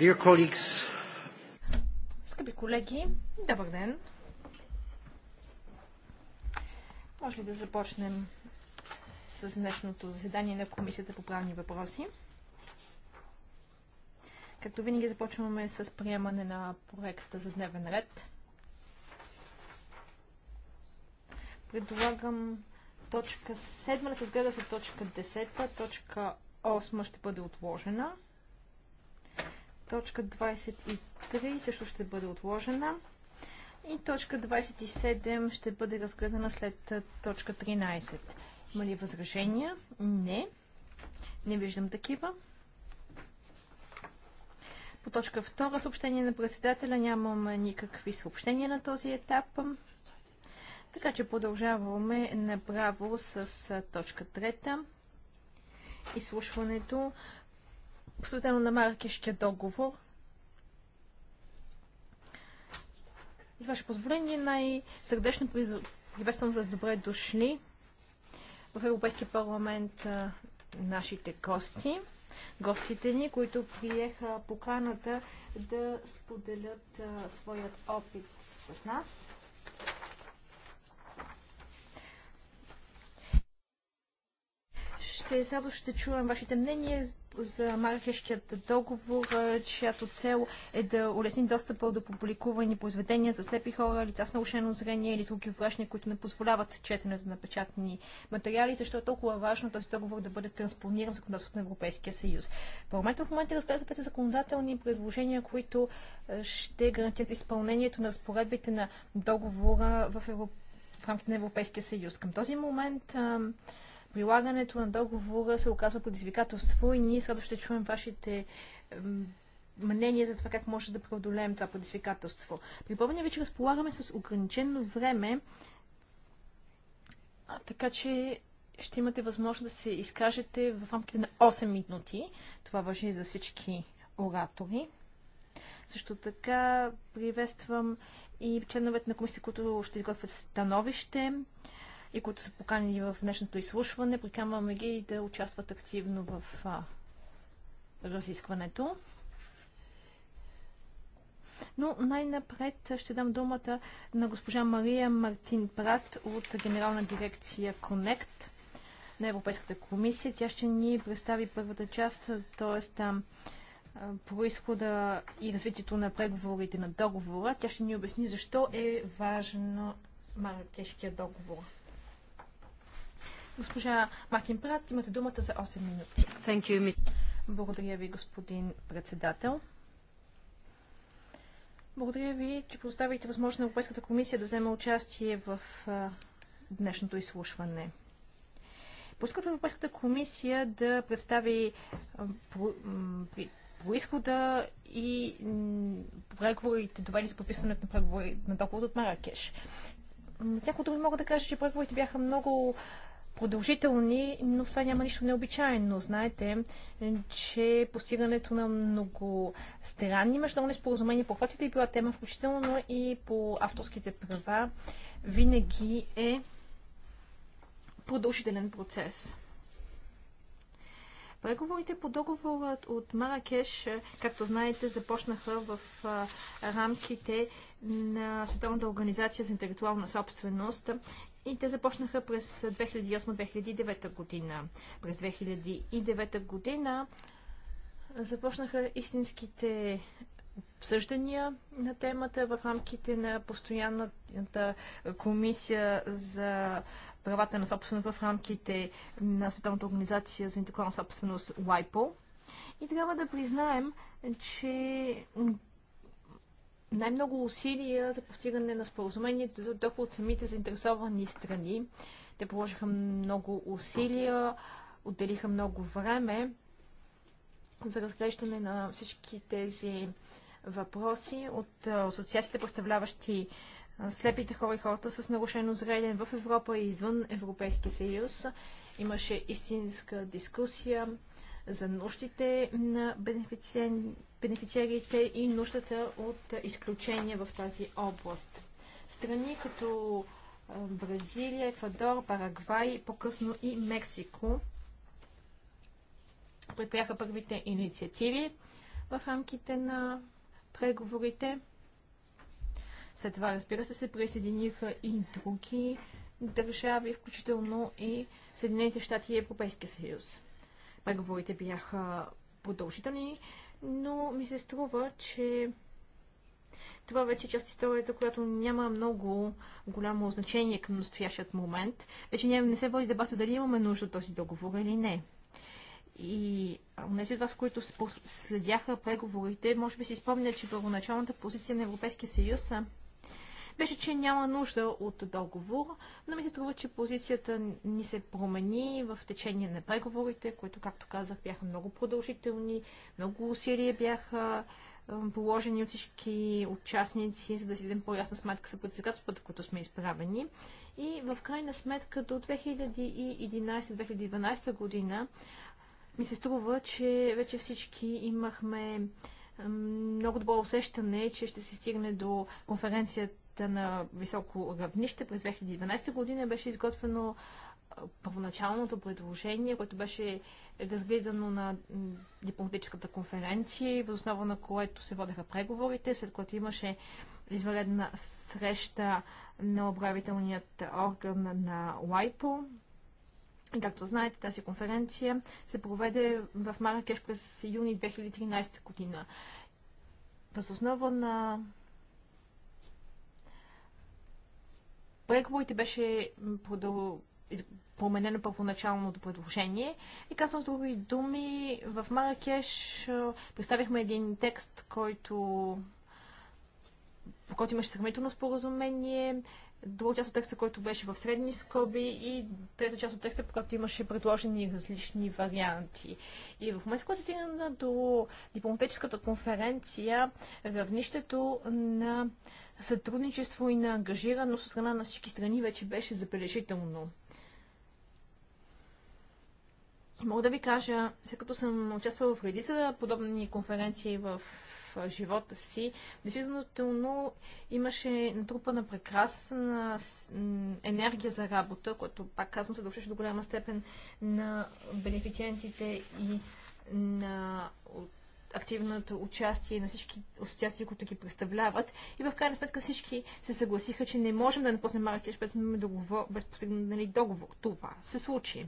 Dear colleagues. Скъпи колеги, добър ден! Може ли да започнем с днешното заседание на Комисията по правни въпроси? Както винаги започваме с приемане на проекта за дневен ред. Предлагам точка 7 да се отгледа за точка 10, точка 8 ще бъде отложена. Точка 23 също ще бъде отложена. И точка 27 ще бъде разгледана след точка 13. Има ли възражения? Не. Не виждам такива. По точка 2 съобщение на председателя нямам никакви съобщения на този етап. Така че продължаваме направо с точка 3. Изслушването посветено на Маракешкия договор. С ваше позволение най-сърдечно приветствам с добре дошли в Европейския парламент а, нашите гости, гостите ни, които приеха поканата да споделят а, своят опит с нас. Ще, сега ще чуем вашите мнения за Маркешкият договор, чиято цел е да улесни достъпа до публикувани произведения за слепи хора, лица с нарушено зрение или звуки увреждания, които не позволяват четенето на печатни материали, защото е толкова важно този договор да бъде транспониран в законодателството на Европейския съюз. В момента в момента разгледа пете законодателни предложения, които ще гарантират изпълнението на разпоредбите на договора в, Европ... в рамките на Европейския съюз. Към този момент прилагането на договора се оказва предизвикателство и ние сега ще чуем вашите мнение за това как може да преодолеем това предизвикателство. Припомня ви, че разполагаме с ограничено време, а, така че ще имате възможност да се изкажете в рамките на 8 минути. Това важи за всички оратори. Също така приветствам и членовете на комисията, които ще изготвят становище и които са поканени в днешното изслушване. Приканваме ги да участват активно в а, разискването. Но най-напред ще дам думата на госпожа Мария Мартин Прат от Генерална дирекция Connect на Европейската комисия. Тя ще ни представи първата част, т.е. происхода и развитието на преговорите на договора. Тя ще ни обясни защо е важно Маракешкия договор. Госпожа Мартин Прат, имате думата за 8 минути. Thank you. Благодаря ви, господин председател. Благодаря ви, че поставите възможност на Европейската комисия да вземе участие в днешното изслушване. Поиската Европейската комисия да представи происхода и преговорите, довели за подписването на преговори на договор от Маракеш. Някои думи мога да кажа, че преговорите бяха много продължителни, но в това няма нищо необичайно. Знаете, че постигането на много странни международни споразумения, по каквато и е била тема, включително и по авторските права, винаги е продължителен процес. Преговорите по договорът от Маракеш, както знаете, започнаха в рамките на Световната организация за интелектуална собственост и те започнаха през 2008-2009 година. През 2009 година започнаха истинските обсъждания на темата в рамките на постоянната комисия за правата на собственост в рамките на Световната организация за интегрална собственост WIPO. И трябва да признаем, че най-много усилия за постигане на споразумението дойдоха от самите заинтересовани страни. Те положиха много усилия, отделиха много време за разглеждане на всички тези въпроси от асоциациите, представляващи слепите хора и хората с нарушено зрение в Европа и извън Европейския съюз. Имаше истинска дискусия за нуждите на бенефициерите и нуждата от изключения в тази област. Страни като Бразилия, Еквадор, Парагвай, по-късно и Мексико предприяха първите инициативи в рамките на преговорите. След това, разбира се, се присъединиха и други държави, включително и Съединените щати и Европейския съюз преговорите бяха продължителни, но ми се струва, че това вече е част историята, която няма много голямо значение към настоящият момент. Вече не се води дебата дали имаме нужда от този договор или не. И тези от вас, които следяха преговорите, може би си спомнят, че първоначалната позиция на Европейския съюз беше, че няма нужда от договор, но ми се струва, че позицията ни се промени в течение на преговорите, които, както казах, бяха много продължителни, много усилия бяха положени от всички участници, за да си дадем по-ясна сметка за предизвикателствата, които сме изправени. И в крайна сметка до 2011-2012 година ми се струва, че вече всички имахме много добро усещане, че ще се стигне до конференцията на високо равнище. През 2012 година беше изготвено първоначалното предложение, което беше разгледано на дипломатическата конференция и възоснова на което се водеха преговорите, след което имаше извънредна среща на управителният орган на ЛАЙПО. Както знаете, тази конференция се проведе в Маракеш през юни 2013 година. Възоснова на преговорите беше продъл... променено първоначалното предложение. И казвам с други думи, в Маракеш представихме един текст, който по който имаше сравнително споразумение, друга част от текста, който беше в средни скоби и трета част от текста, по който имаше предложени различни варианти. И в момента, когато стигна до дипломатическата конференция, равнището на сътрудничество и на ангажираност от страна на всички страни вече беше забележително. мога да ви кажа, след като съм участвала в редица подобни конференции в живота си, действително имаше натрупана прекрасна енергия за работа, което, пак казвам, се дължеше до голяма степен на бенефициентите и на активното участие на всички асоциации, които ги представляват. И в крайна сметка всички се съгласиха, че не можем да напуснем Маракеш без, договор, без нали, договор. Това се случи.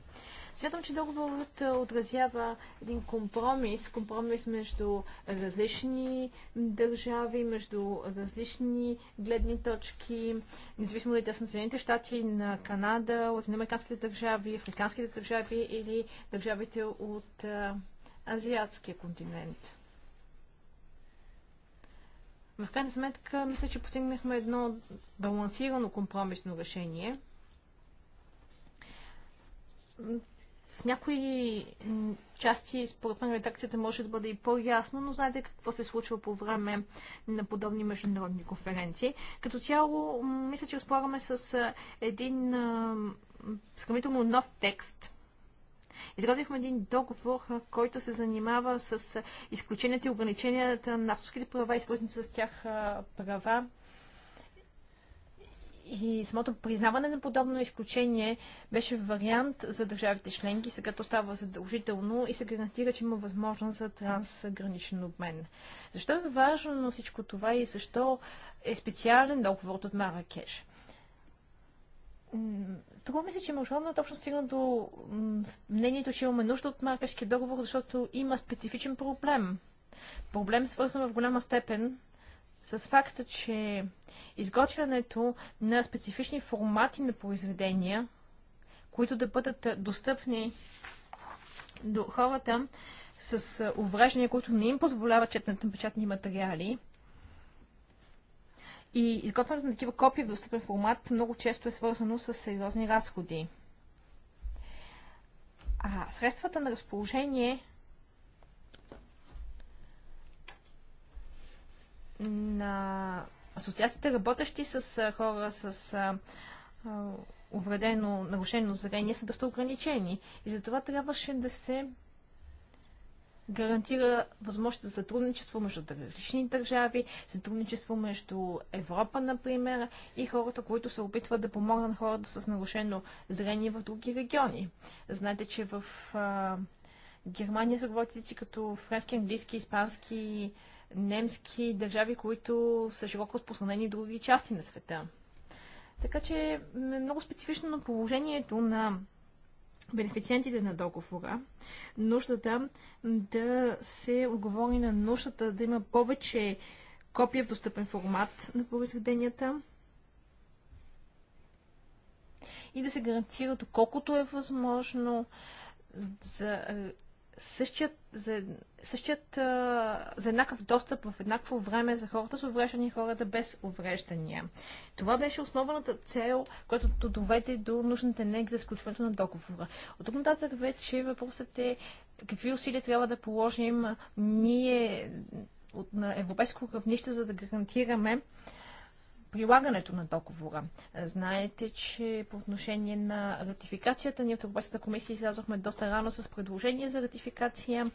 Смятам, че договорът отразява един компромис, компромис между различни държави, между различни гледни точки, независимо дали те са на Съединените щати, на Канада, от американските държави, африканските държави или държавите от азиатския континент. В крайна сметка, мисля, че постигнахме едно балансирано компромисно решение. В някои части, според мен, редакцията може да бъде и по ясно но знаете какво се случва по време на подобни международни конференции. Като цяло, мисля, че разполагаме с един сравнително нов текст – Изградихме един договор, който се занимава с изключенията и ограниченията на авторските права и свързани с тях права. И самото признаване на подобно изключение беше вариант за държавите членки, сега то става задължително и се гарантира, че има възможност за трансграничен обмен. Защо е важно всичко това и защо е специален договор от Маракеш? Струва ми се, че международната общност стигна до мнението, че имаме нужда от Маркешки договор, защото има специфичен проблем. Проблем свързан в голяма степен с факта, че изготвянето на специфични формати на произведения, които да бъдат достъпни до хората с увреждания, които не им позволяват четнат на печатни материали, и изготвянето на такива копия в достъпен формат много често е свързано с сериозни разходи. А средствата на разположение на асоциациите, работещи с хора с увредено, нарушено зрение, са доста ограничени. И затова трябваше да се гарантира възможност за сътрудничество между различни държави, сътрудничество между Европа, например, и хората, които се опитват да помогнат хората с нарушено зрение в други региони. Знаете, че в а, Германия са говорят като френски, английски, испански, немски държави, които са широко разпространени в други части на света. Така че е много специфично на положението на бенефициентите на договора, нуждата да се отговори на нуждата да има повече копия в достъпен формат на произведенията и да се гарантира доколкото е възможно за същият, за, същият а, за еднакъв достъп в еднакво време за хората с увреждания и хората без увреждания. Това беше основната цел, която доведе до нужната енергия за сключването на договора. От тук нататък вече въпросът е какви усилия трябва да положим ние от, на европейско равнище, за да гарантираме прилагането на договора. Знаете, че по отношение на ратификацията ние от Европейската комисия излязохме доста рано с предложение за ратификация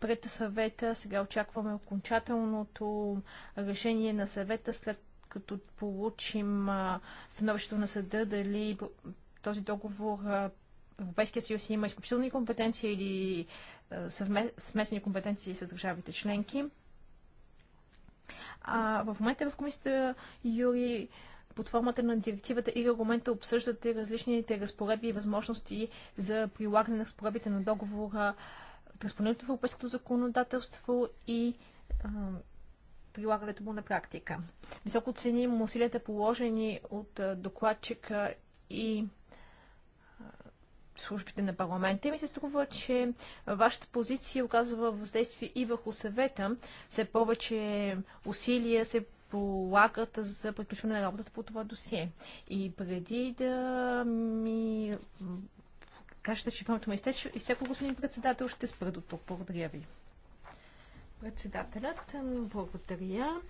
пред съвета. Сега очакваме окончателното решение на съвета след като получим становището на съда дали този договор Европейския съюз има изключителни компетенции или съвместни компетенции с държавите членки. А в момента в комисията Юри под формата на директивата и регламента обсъждате различните разпоредби и възможности за прилагане на разпоредбите на договора, транспонирането в европейското законодателство и а, прилагането му на практика. Високо ценим усилията положени от докладчика и службите на парламента. И ми се струва, че вашата позиция оказва въздействие и върху съвета. Все повече усилия се полагат за приключване на работата по това досие. И преди да ми кажете, че времето ми изтекло, господин председател, ще спра до тук. Благодаря ви. Председателят, благодаря.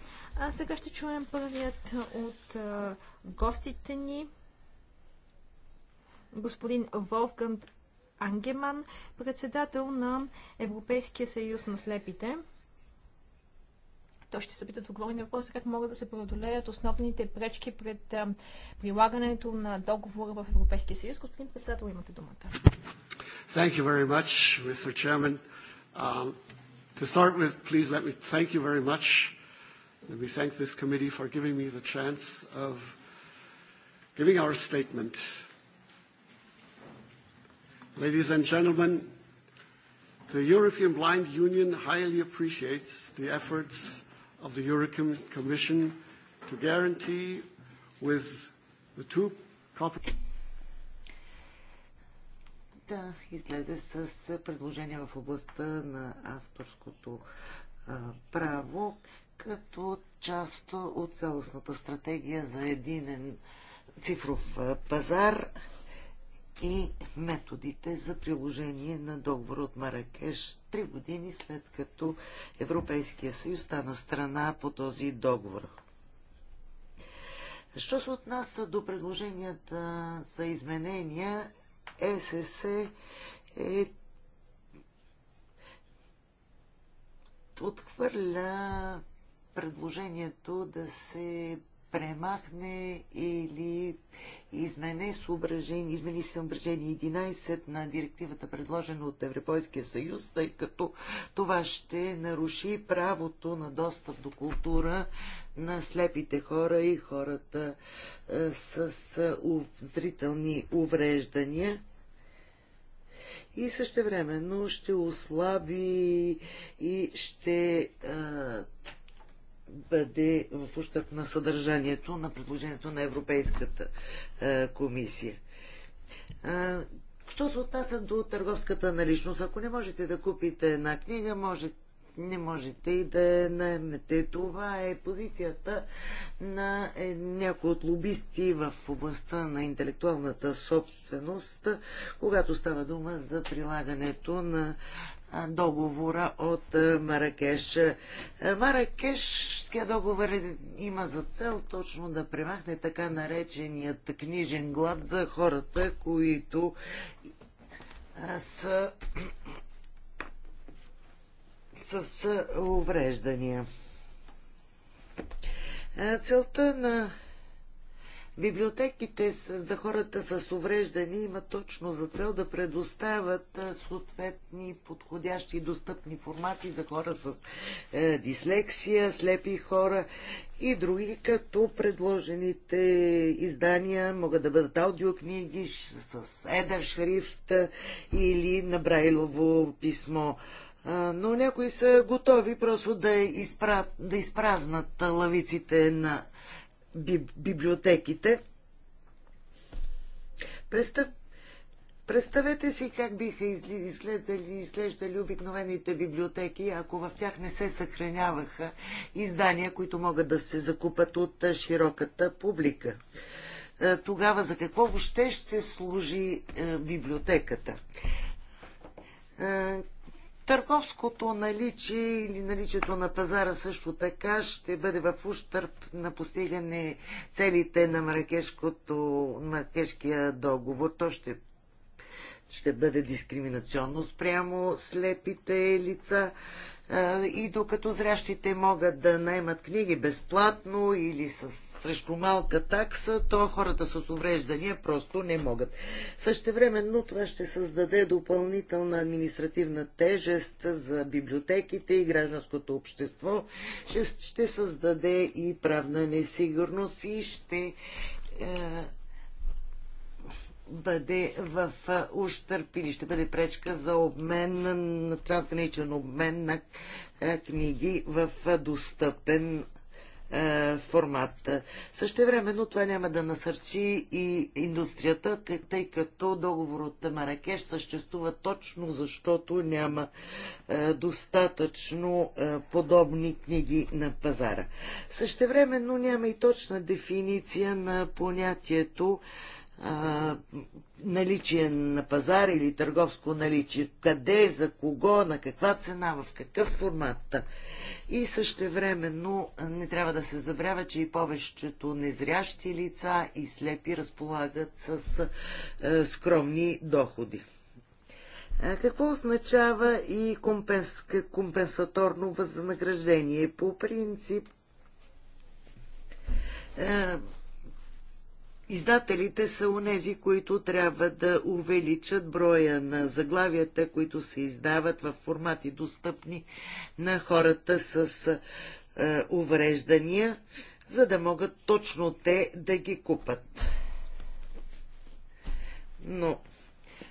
А сега ще чуем първият от гостите ни господин Волфганг Ангеман, председател на Европейския съюз на слепите. Той ще се опита да отговори на въпроса как могат да се преодолеят основните пречки пред прилагането на договора в Европейския съюз. Господин председател, имате думата. Thank you very much, Mr. Chairman. Um, to start with, please let me thank you very much. Let me thank this committee for giving me the chance of giving our statement Ladies and gentlemen, the European Blind Union highly appreciates the efforts of the European Commission to guarantee with the two да излезе с предложение в областта на авторското право като част от цялостната стратегия за единен цифров пазар и методите за приложение на договор от Маракеш три години след като Европейския съюз стана страна по този договор. Що се отнася до предложенията за изменения, ЕСС е отхвърля предложението да се премахне или измене съображение, измени съображение 11 на директивата, предложена от Европейския съюз, тъй като това ще наруши правото на достъп до култура на слепите хора и хората е, с зрителни е, увреждания и също времено ще ослаби и ще а, е, бъде в ущърп на съдържанието на предложението на Европейската е, комисия. Е, що се отнася до търговската наличност? Ако не можете да купите една книга, може, не можете и да наемете. Това е позицията на е, някои от лобисти в областта на интелектуалната собственост, когато става дума за прилагането на договора от Маракеш. Маракешския договор е- има за цел точно да премахне така нареченият книжен глад за хората, които са с увреждания. Целта на Библиотеките за хората с увреждания имат точно за цел да предоставят съответни подходящи и достъпни формати за хора с е, дислексия, слепи хора и други, като предложените издания могат да бъдат аудиокниги с едър шрифт или на брайлово писмо но някои са готови просто да, изпра... да изпразнат лавиците на библиотеките. Представ... Представете си как биха изгледали, изглеждали обикновените библиотеки, ако в тях не се съхраняваха издания, които могат да се закупат от широката публика. Е, тогава за какво въобще ще служи е, библиотеката? Е, Търговското наличие или наличието на пазара също така ще бъде в ущърп на постигане целите на Маракешкия договор. То ще, ще бъде дискриминационно спрямо слепите лица и докато зрящите могат да наймат книги безплатно или с, срещу малка такса, то хората с увреждания просто не могат. Същевременно това ще създаде допълнителна административна тежест за библиотеките и гражданското общество, ще, ще създаде и правна несигурност и ще е, бъде в ущърп или ще бъде пречка за обмен, на трансграничен обмен на книги в достъпен формат. Същевременно това няма да насърчи и индустрията, тъй като договор от Маракеш съществува точно защото няма достатъчно подобни книги на пазара. времено няма и точна дефиниция на понятието а, наличие на пазар или търговско наличие. Къде, за кого, на каква цена, в какъв формат. И също не трябва да се забравя, че и повечето незрящи лица и слепи разполагат с а, скромни доходи. Какво означава и компенс... компенсаторно възнаграждение? По принцип, Издателите са унези, които трябва да увеличат броя на заглавията, които се издават в формати достъпни на хората с е, увреждания, за да могат точно те да ги купат. Но,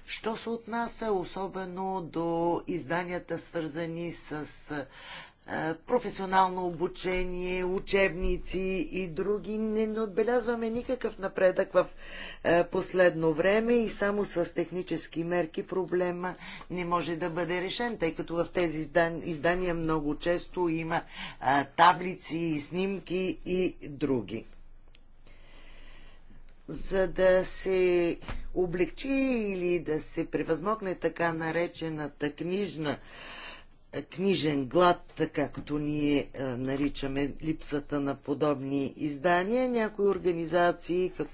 що се отнася особено до изданията, свързани с е, професионално обучение, учебници и други. Не, не отбелязваме никакъв напредък в последно време и само с технически мерки проблема не може да бъде решен, тъй като в тези издания много често има таблици, снимки и други. За да се облегчи или да се превъзмогне така наречената книжна книжен глад, както ние е, наричаме липсата на подобни издания. Някои организации, като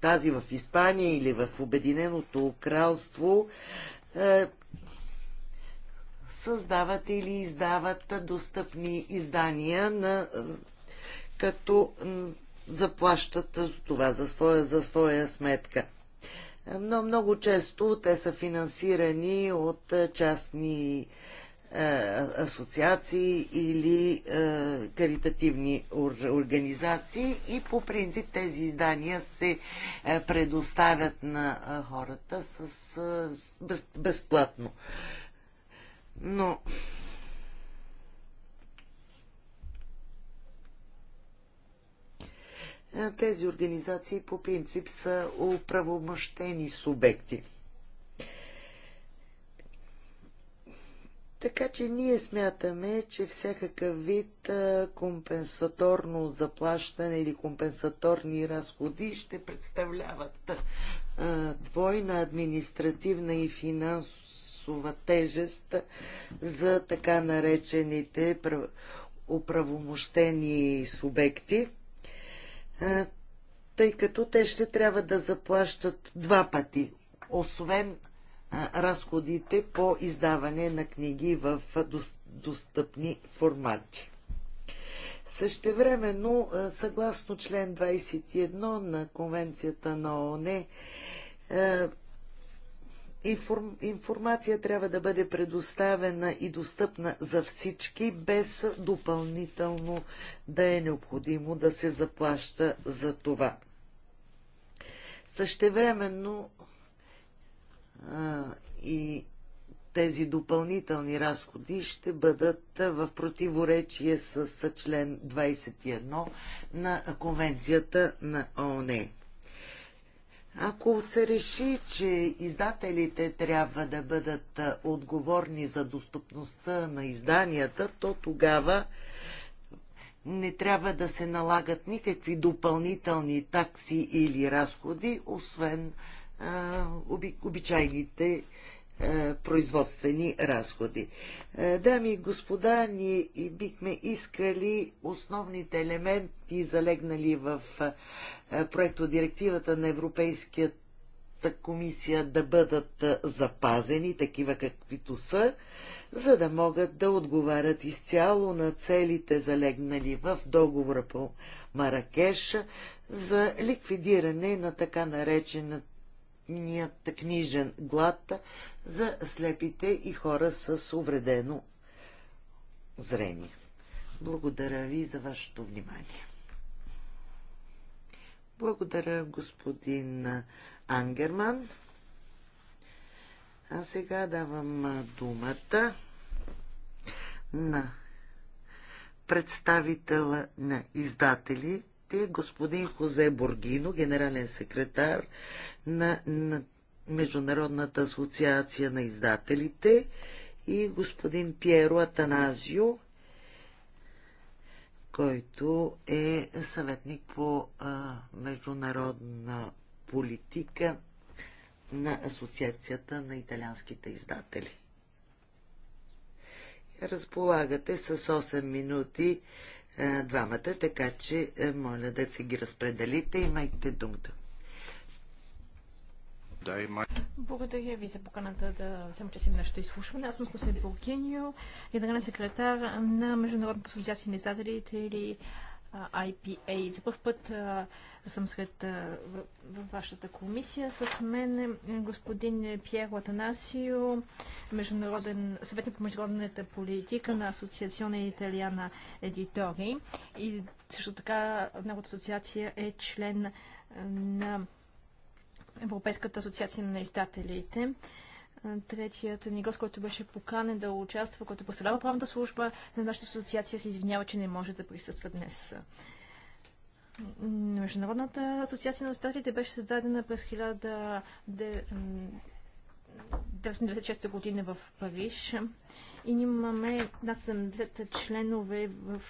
тази в Испания или в Обединеното кралство, е, създават или издават достъпни издания, на, като заплащат това за своя, за своя сметка. Но много често те са финансирани от е, частни е, асоциации или е, каритативни организации и по принцип тези издания се е, предоставят на хората с, без, безплатно. Но тези организации по принцип са управомъщени субекти – Така че ние смятаме, че всякакъв вид компенсаторно заплащане или компенсаторни разходи ще представляват двойна административна и финансова тежест за така наречените оправомощени субекти, тъй като те ще трябва да заплащат два пъти, освен разходите по издаване на книги в достъпни формати. Същевременно, съгласно член 21 на Конвенцията на ООН, информация трябва да бъде предоставена и достъпна за всички, без допълнително да е необходимо да се заплаща за това. Същевременно и тези допълнителни разходи ще бъдат в противоречие с член 21 на Конвенцията на ООН. Ако се реши, че издателите трябва да бъдат отговорни за достъпността на изданията, то тогава не трябва да се налагат никакви допълнителни такси или разходи, освен обичайните производствени разходи. Дами и господа, ние бихме искали основните елементи, залегнали в проекто директивата на Европейската комисия да бъдат запазени, такива каквито са, за да могат да отговарят изцяло на целите залегнали в договора по Маракеш за ликвидиране на така наречената ният книжен глад за слепите и хора с увредено зрение. Благодаря ви за вашето внимание. Благодаря, господин Ангерман. А сега давам думата на представителя на издатели е господин Хозе Боргино, генерален секретар на, на Международната асоциация на издателите и господин Пьеро Атаназио, който е съветник по а, международна политика на Асоциацията на италианските издатели. Разполагате с 8 минути двамата, така че моля да се ги разпределите. Имайте думата. Да, има... Благодаря ви за поканата да съм, че в нашето изслушване. Аз съм Хосе Бургиньо, генерален секретар на Международната асоциация на издателите или IPA. За първ път а, съм сред а, във вашата комисия. С мен е господин Пьер Латанасио, международен, съветник по международната политика на Асоциационна Италиана Едитори. И също така новата асоциация е член на Европейската асоциация на издателите третият ни гост, който беше поканен да участва, който представлява правната служба на нашата асоциация, се извинява, че не може да присъства днес. Международната асоциация на остатите беше създадена през 1996 година в Париж и имаме над 70 членове в,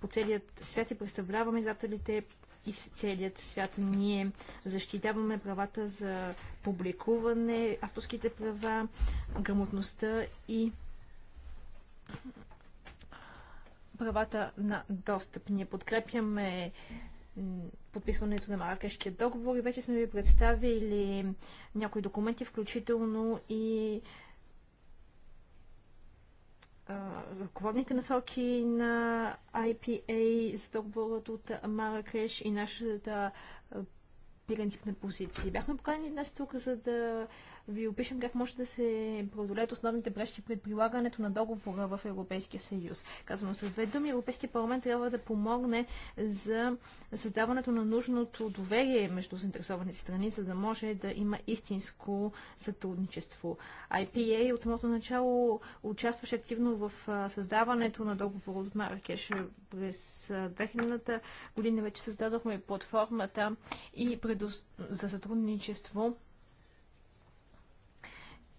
по целият свят и представляваме издателите и целият свят. Ние защитаваме правата за публикуване, авторските права, грамотността и правата на достъп. Ние подкрепяме подписването на Маракешкия договор и вече сме ви представили някои документи, включително и ръководните насоки на IPA за договорът от Маракеш и нашата принципна позиция. Бяхме поканени днес тук, за да ви опишем как може да се преодолеят основните пречки пред прилагането на договора в Европейския съюз. Казвам с две думи, Европейския парламент трябва да помогне за създаването на нужното доверие между заинтересованите страни, за да може да има истинско сътрудничество. IPA от самото начало участваше активно в създаването на договора от Маракеш през 2000-та година. Вече създадохме платформата и предо... за сътрудничество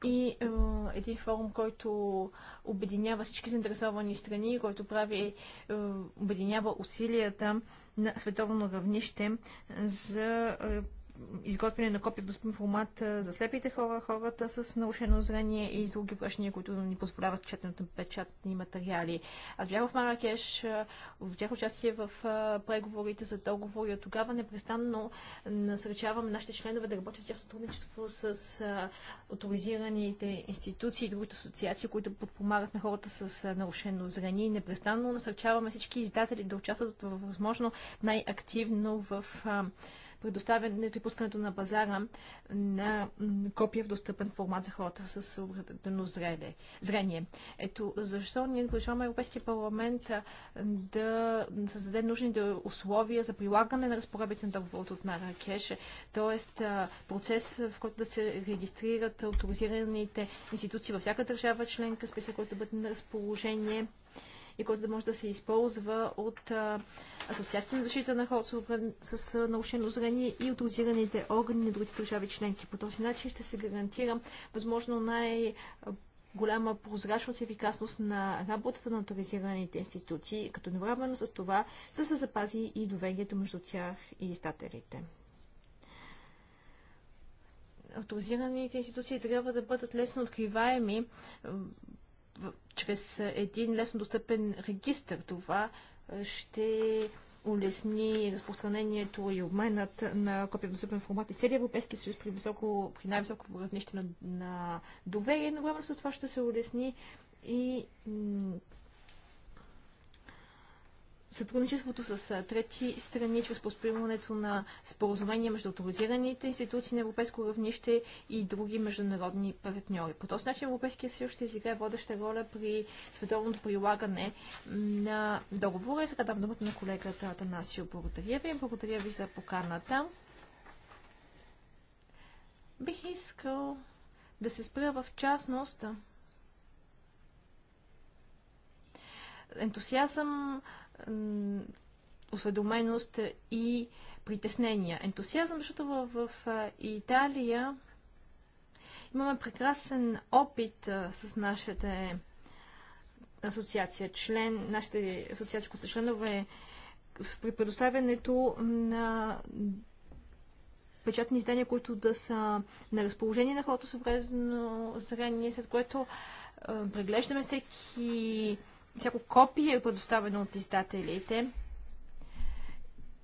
и е, един форум, който обединява всички заинтересовани страни, който прави, е, обединява усилията на световно равнище за е, изготвяне на копия без формат за слепите хора, хората с нарушено зрение и други връщания, които ни позволяват четенето на печатни материали. Аз бях в Маракеш, взех участие в преговорите за договори. От тогава непрестанно насръчавам нашите членове да работят в тях сътрудничество с авторизираните институции и другите асоциации, които подпомагат на хората с нарушено зрение. И непрестанно насърчаваме всички издатели да участват възможно най-активно в предоставянето и пускането на пазара на копия в достъпен формат за хората с увредено зрение. Ето защо ние призоваваме Европейския парламент да създаде нужните условия за прилагане на разпоредбите на договорът от Маракеш, т.е. процес, в който да се регистрират авторизираните институции във всяка държава членка, списък, който бъде на разположение и който да може да се използва от Асоциацията на защита на хората с нарушено зрение и от озираните органи на другите държави членки. По този начин ще се гарантира възможно най- голяма прозрачност и ефикасност на работата на авторизираните институции, като едновременно с това да се запази и доверието между тях и издателите. Авторизираните институции трябва да бъдат лесно откриваеми чрез един лесно достъпен регистр. Това ще улесни разпространението и обменът на копия в достъпен формат и целия Европейски съюз при, високо, при най-високо равнище на, на доверие, но главно с това ще се улесни и сътрудничеството с трети страни, чрез поспримането на споразумения между авторизираните институции на европейско равнище и други международни партньори. По този начин Европейския съюз ще изиграе водеща роля при световното прилагане на договора. И сега дам думата на колегата Атанасио. Благодаря ви. Благодаря ви за поканата. Бих искал да се спра в частност ентусиазъм осведоменост и притеснения. Ентусиазъм, защото в, в Италия имаме прекрасен опит с нашите асоциация, член, нашите асоциации, които са членове при предоставянето на печатни издания, които да са на разположение на хората с увредено зрение, след което преглеждаме всеки всяко копие е предоставено от издателите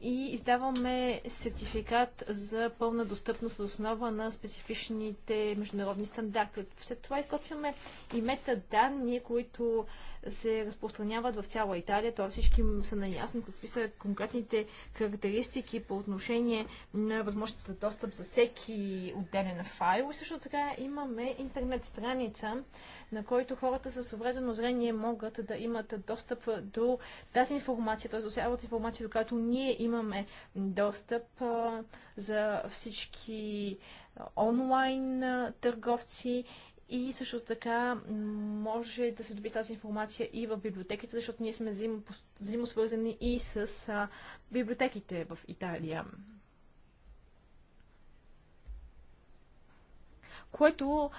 и издаваме сертификат за пълна достъпност в основа на специфичните международни стандарти. След това изготвяме и метаданни, които се разпространяват в цяла Италия, т.е. всички са наясно какви са конкретните характеристики по отношение на възможности за достъп за всеки отделен файл. И също така имаме интернет страница, на който хората с увредено зрение могат да имат достъп до тази информация, т.е. до цялата информация, до която ние имаме достъп за всички онлайн търговци и също така може да се доби тази информация и в библиотеките, защото ние сме взаимосвързани и с библиотеките в Италия. Което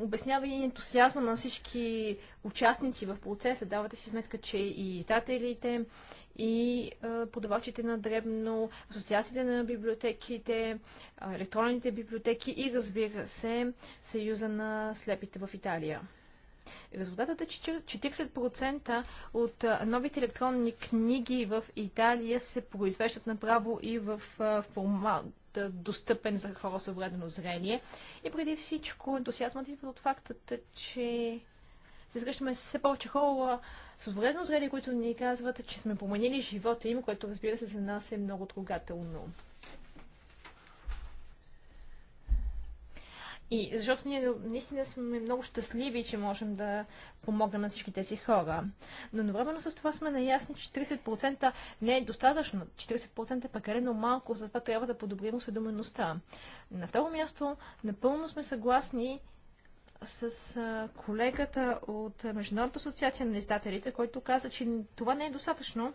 обяснява и ентусиазма на всички участници в процеса. Давате си сметка, че и издателите, и подавачите на дребно, асоциациите на библиотеките, електронните библиотеки и разбира се, Съюза на слепите в Италия. Резултатът е, че 40% от новите електронни книги в Италия се произвеждат направо и в формат е, достъпен за хора с увредено зрение. И преди всичко ентусиазмът идва от факта, че се срещаме с все повече хора с увредено зрение, които ни казват, че сме променили живота им, което разбира се за нас е много трогателно. И защото ние наистина сме много щастливи, че можем да помогнем на всички тези хора. Но едновременно с това сме наясни, че 40% не е достатъчно. 40% е прекалено малко, затова трябва да подобрим осведомеността. На второ място, напълно сме съгласни с колегата от Международната асоциация на издателите, който каза, че това не е достатъчно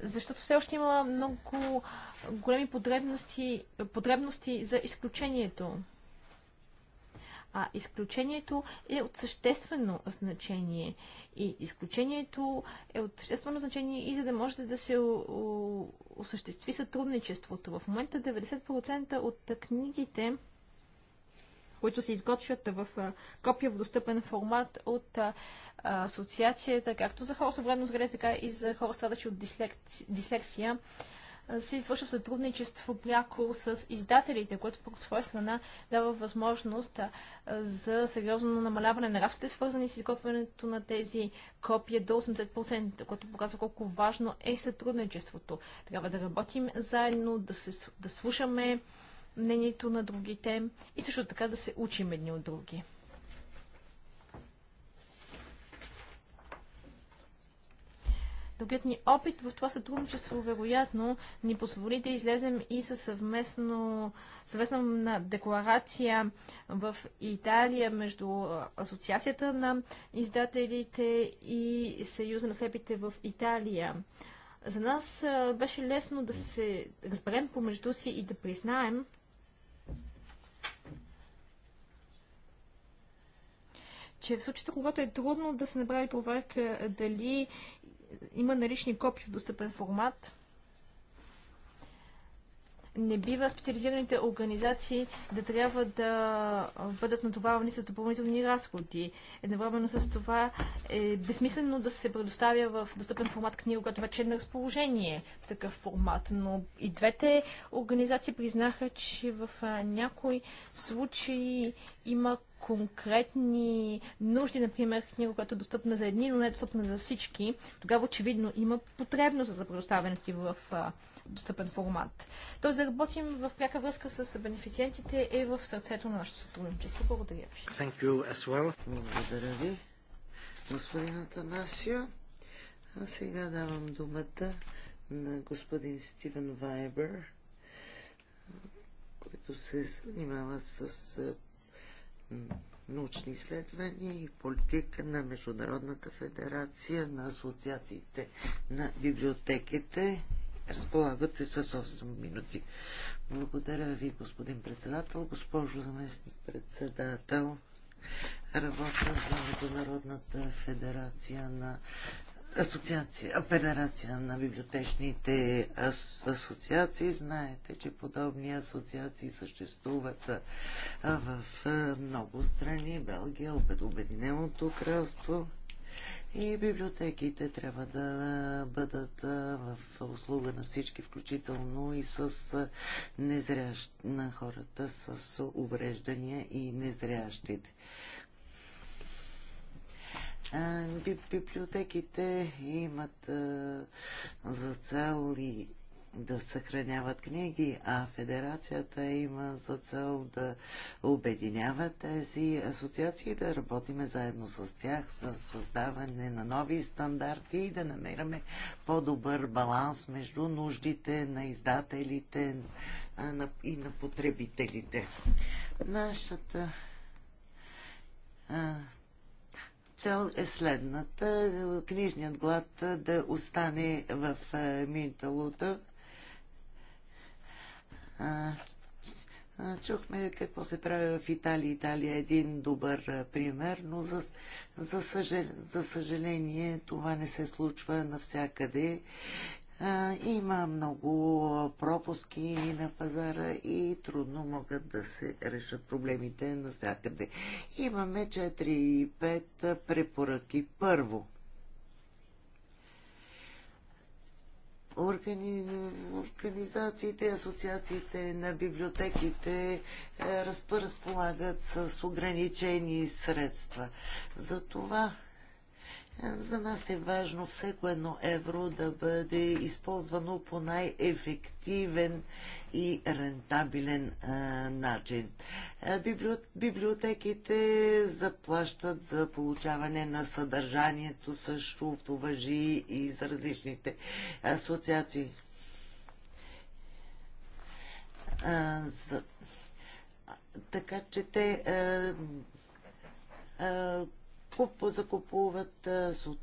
защото все още има много големи потребности, потребности за изключението. А изключението е от съществено значение. И изключението е от съществено значение и за да можете да се осъществи сътрудничеството. В момента 90% от книгите които се изготвят в копия в достъпен формат от асоциацията, както за хора с вредно зрение, така и за хора страдачи от дислексия се извършва в сътрудничество пряко с издателите, което по своя страна дава възможност за сериозно намаляване на разходите, свързани с изготвянето на тези копия до 80%, което показва колко важно е сътрудничеството. Трябва да работим заедно, да, се, да слушаме мнението на другите и също така да се учим едни от други. Другият ни опит в това сътрудничество вероятно ни позволи да излезем и със съвместно, съвместна декларация в Италия между Асоциацията на издателите и Съюза на слепите в Италия. За нас беше лесно да се разберем помежду си и да признаем, че в случаите, когато е трудно да се направи проверка дали има налични копии в достъпен формат, не бива специализираните организации да трябва да бъдат натоварвани с допълнителни разходи. Едновременно с това е безсмислено да се предоставя в достъпен формат книга, която вече е на разположение в такъв формат. Но и двете организации признаха, че в някои случаи има конкретни нужди, например, книга, която е достъпна за едни, но не е достъпна за всички, тогава очевидно има потребност за предоставянето в а, достъпен формат. Тоест да работим в пряка връзка с бенефициентите е в сърцето на нашето сътрудничество. Благодаря ви. Thank you as well. Благодаря ви, господин Атанасио. А сега давам думата на господин Стивен Вайбер, който се занимава с научни изследвания и политика на Международната федерация на асоциациите на библиотеките разполагате с 8 минути. Благодаря ви, господин председател, госпожо заместник председател. Работа за Международната федерация на асоциация, Федерация на библиотечните асоциации. Знаете, че подобни асоциации съществуват в много страни. Белгия, Обединеното кралство. И библиотеките трябва да бъдат в услуга на всички, включително и с незрящ, на хората с увреждания и незрящите. Библиотеките имат за цел и да съхраняват книги, а федерацията има за цел да обединява тези асоциации, да работиме заедно с тях, с създаване на нови стандарти и да намираме по-добър баланс между нуждите на издателите и на потребителите. Нашата цел е следната. Книжният глад да остане в минталута Чухме какво се прави в Италия. Италия е един добър пример, но за, за, съжал, за съжаление това не се случва навсякъде. А, има много пропуски на пазара и трудно могат да се решат проблемите навсякъде. Имаме 4-5 препоръки. Първо, органи, организациите, асоциациите на библиотеките е, разполагат с ограничени средства. Затова за нас е важно всеко едно евро да бъде използвано по най-ефективен и рентабилен а, начин. Библиотеките заплащат за получаване на съдържанието, също въжи и за различните асоциации. А, за... Така че те а, а, закупуват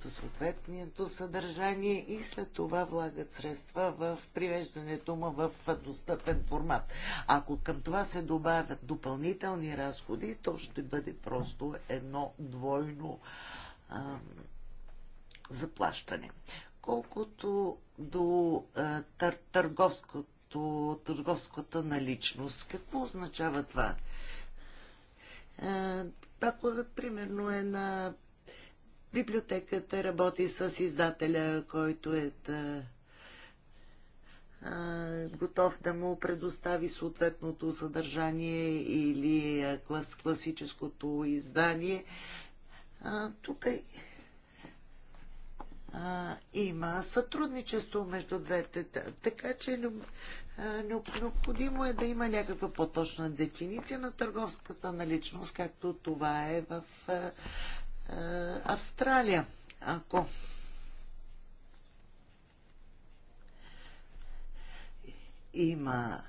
съответното съдържание и след това влагат средства в привеждането му в достъпен формат. Ако към това се добавят допълнителни разходи, то ще бъде просто едно двойно ам, заплащане. Колкото до а, тър, търговското, търговската наличност, какво означава това? примерно е на библиотеката работи с издателя, който е да, а, готов да му предостави съответното съдържание или а, клас, класическото издание. А, тук а, има сътрудничество между двете. Така че Необходимо е да има някаква по-точна дефиниция на търговската наличност, както това е в Австралия. Ако има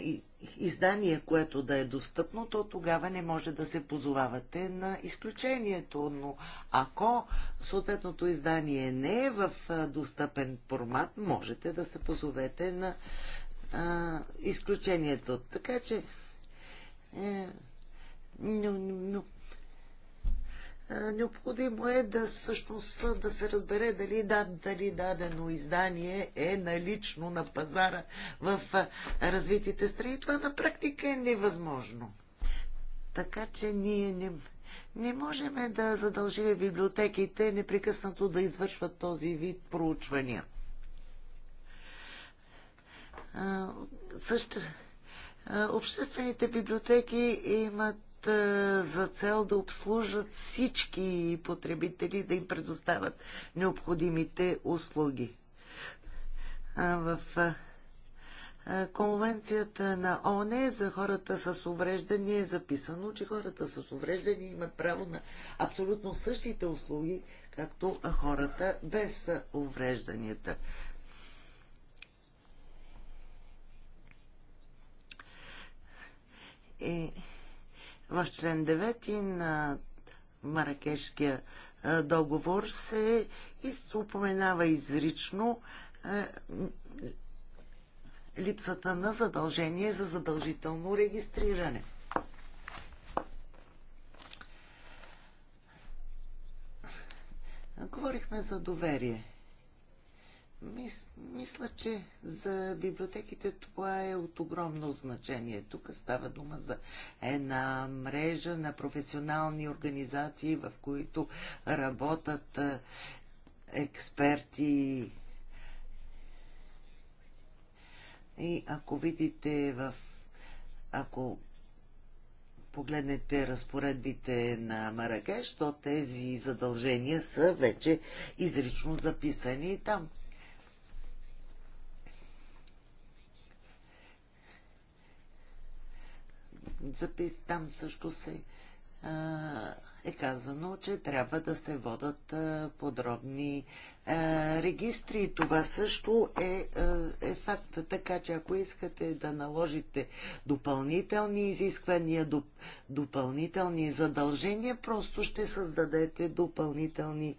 и издание, което да е достъпно, то тогава не може да се позовавате на изключението. Но ако съответното издание не е в достъпен формат, можете да се позовете на а, изключението. Така че е, но, но, е, необходимо е да всъщност да се разбере дали, да, дали дадено издание е налично на пазара в е, развитите страни. Това на практика е невъзможно. Така че ние не, не можем да задължим библиотеките непрекъснато да извършват този вид проучвания. А, е, също, а, обществените библиотеки имат е, за цел да обслужат всички потребители, да им предоставят необходимите услуги. В е, е, Конвенцията на ООН за хората с увреждания е записано, че хората с увреждания имат право на абсолютно същите услуги, както хората без уврежданията. И... Е в член 9 на Маракешкия договор се упоменава изрично липсата на задължение за задължително регистриране. Говорихме за доверие. Мис, мисля, че за библиотеките това е от огромно значение. Тук става дума за една мрежа на професионални организации, в които работят експерти. И ако видите в... Ако погледнете разпоредбите на Маракеш, то тези задължения са вече изрично записани там. запис, там също се е казано, че трябва да се водат подробни регистри. Това също е, е факт. Така че ако искате да наложите допълнителни изисквания, доп, допълнителни задължения, просто ще създадете допълнителни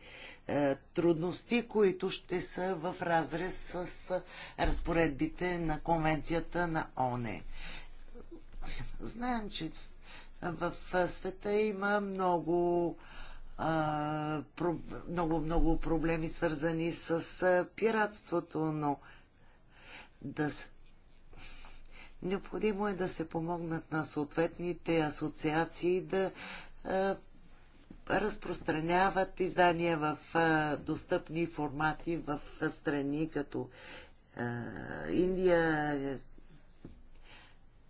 трудности, които ще са в разрез с разпоредбите на конвенцията на ОНЕ. Знаем, че в света има много много, много проблеми свързани с пиратството, но да необходимо е да се помогнат на съответните асоциации да разпространяват издания в достъпни формати в страни като Индия,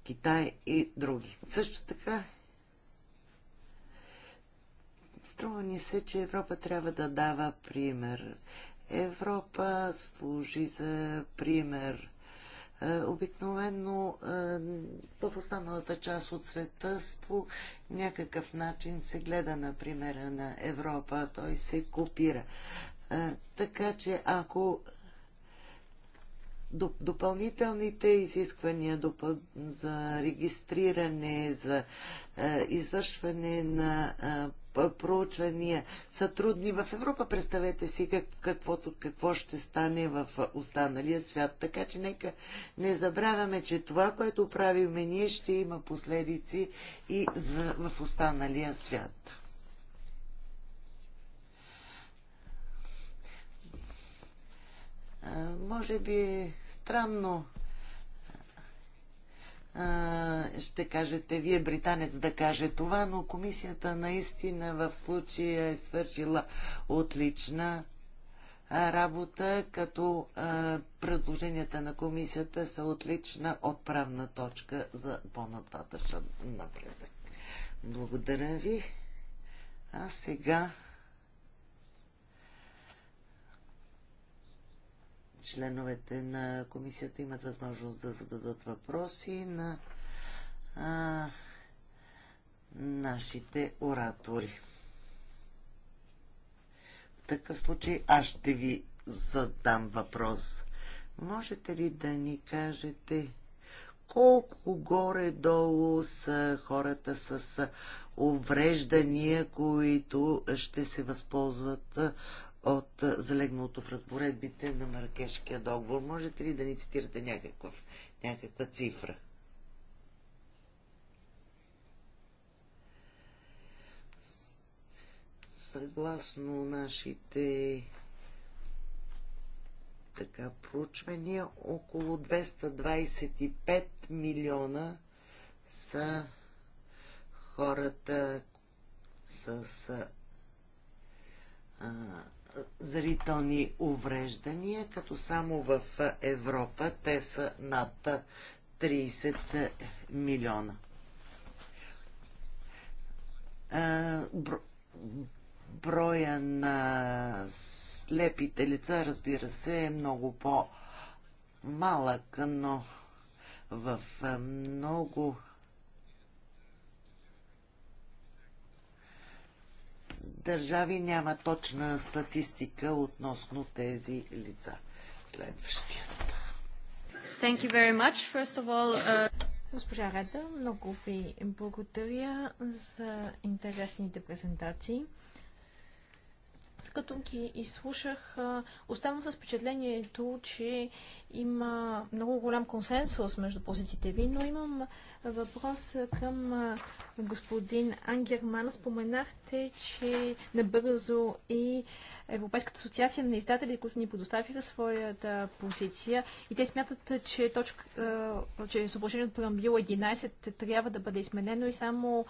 Китай и други. Също така, струва ни се, че Европа трябва да дава пример. Европа служи за пример. Е, обикновено е, в останалата част от света по някакъв начин се гледа на примера на Европа, той се копира. Е, така че ако допълнителните изисквания за регистриране, за е, извършване на е, проучвания са трудни в Европа. Представете си как, каквото, какво ще стане в е, останалия свят. Така че нека не забравяме, че това, което правиме ние, ще има последици и за, в останалия свят. може би странно ще кажете, вие британец да каже това, но комисията наистина в случая е свършила отлична работа, като предложенията на комисията са отлична отправна точка за по-нататъчен напредък. Благодаря ви. А сега членовете на комисията имат възможност да зададат въпроси на а, нашите оратори. В такъв случай аз ще ви задам въпрос. Можете ли да ни кажете колко горе-долу са хората с увреждания, които ще се възползват от залегналото в разпоредбите на Маркешкия договор. Можете ли да ни цитирате някаква, някаква цифра? Съгласно нашите така проучвания, около 225 милиона са хората с а, зрителни увреждания, като само в Европа те са над 30 милиона. Броя на слепите лица, разбира се, е много по-малък, но в много държави няма точна статистика относно тези лица. Следващия. Thank you very much. First of all, uh... Госпожа Реда, много ви благодаря за интересните презентации като ги изслушах, оставам с впечатлението, че има много голям консенсус между позициите ви, но имам въпрос към господин Ангерман. Споменахте, че набързо и Европейската асоциация на издатели, които ни предоставиха своята позиция и те смятат, че, точка, че съображението от преамбил 11 трябва да бъде изменено и само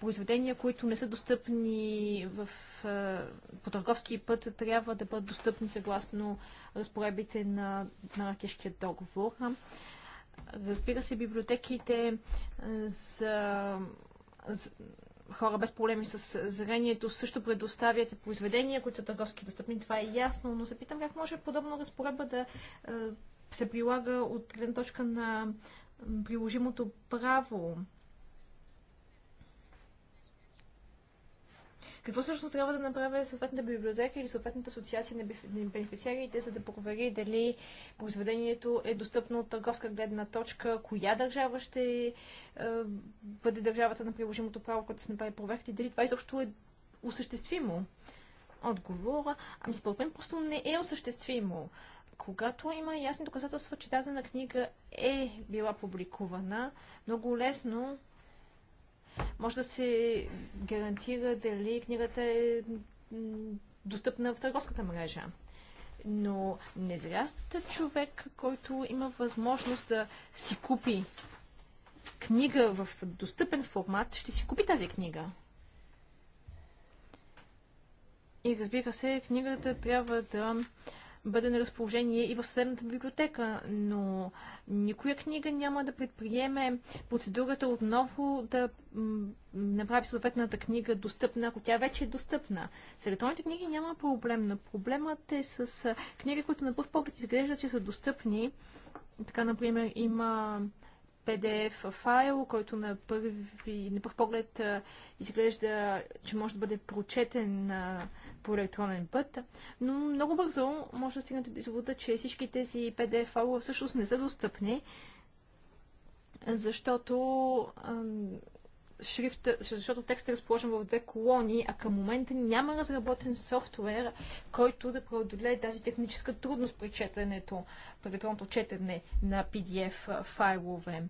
произведения, които не са достъпни в, по търговски път, трябва да бъдат достъпни съгласно разпоредбите на, на Ракешкият договор. Разбира се, библиотеките за, за хора без проблеми с зрението също предоставят произведения, които са търговски достъпни. Това е ясно, но се питам как може подобна разпоредба да се прилага от гледна точка на приложимото право Какво всъщност трябва да направи съответната библиотека или съответната асоциация на бенефициарите, за да провери дали произведението е достъпно от търговска гледна точка, коя държава ще е, бъде държавата на приложимото право, което се направи проверка и дали това изобщо е осъществимо? Отговора, ами според мен просто не е осъществимо. Когато има ясни доказателства, че дадена книга е била публикувана, много лесно може да се гарантира дали книгата е достъпна в търговската мрежа. Но незрястът човек, който има възможност да си купи книга в достъпен формат, ще си купи тази книга. И разбира се, книгата трябва да бъде на разположение и в съдебната библиотека, но никоя книга няма да предприеме процедурата отново да направи съответната книга достъпна, ако тя вече е достъпна. С електронните книги няма проблем, но проблемът е с книги, които на първ поглед изглежда, че са достъпни. Така, например, има PDF файл, който на първи, на първ поглед изглежда, че може да бъде прочетен по електронен път, но много бързо може да стигнете до извода, че всички тези PDF файлове всъщност не са достъпни, защото шрифта, защото текстът е разположен в две колони, а към момента няма разработен софтуер, който да преодолее тази техническа трудност при четенето, при електронното четене на PDF файлове.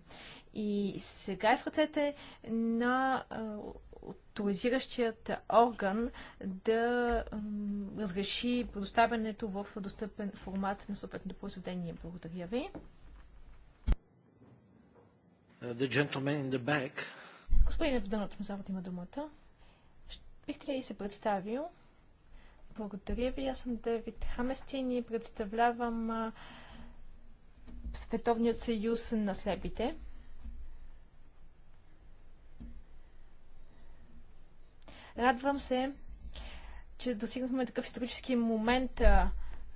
И сега е в ръцете на авторизиращият орган да разреши предоставянето в достъпен формат на съответното произведение. Благодаря ви. Uh, the gentleman in the back. Господин Евдонът завод има думата. Бихте ли се представил? Благодаря ви. Аз съм Девид Хаместин и представлявам Световният съюз на слепите. Радвам се, че достигнахме такъв исторически момент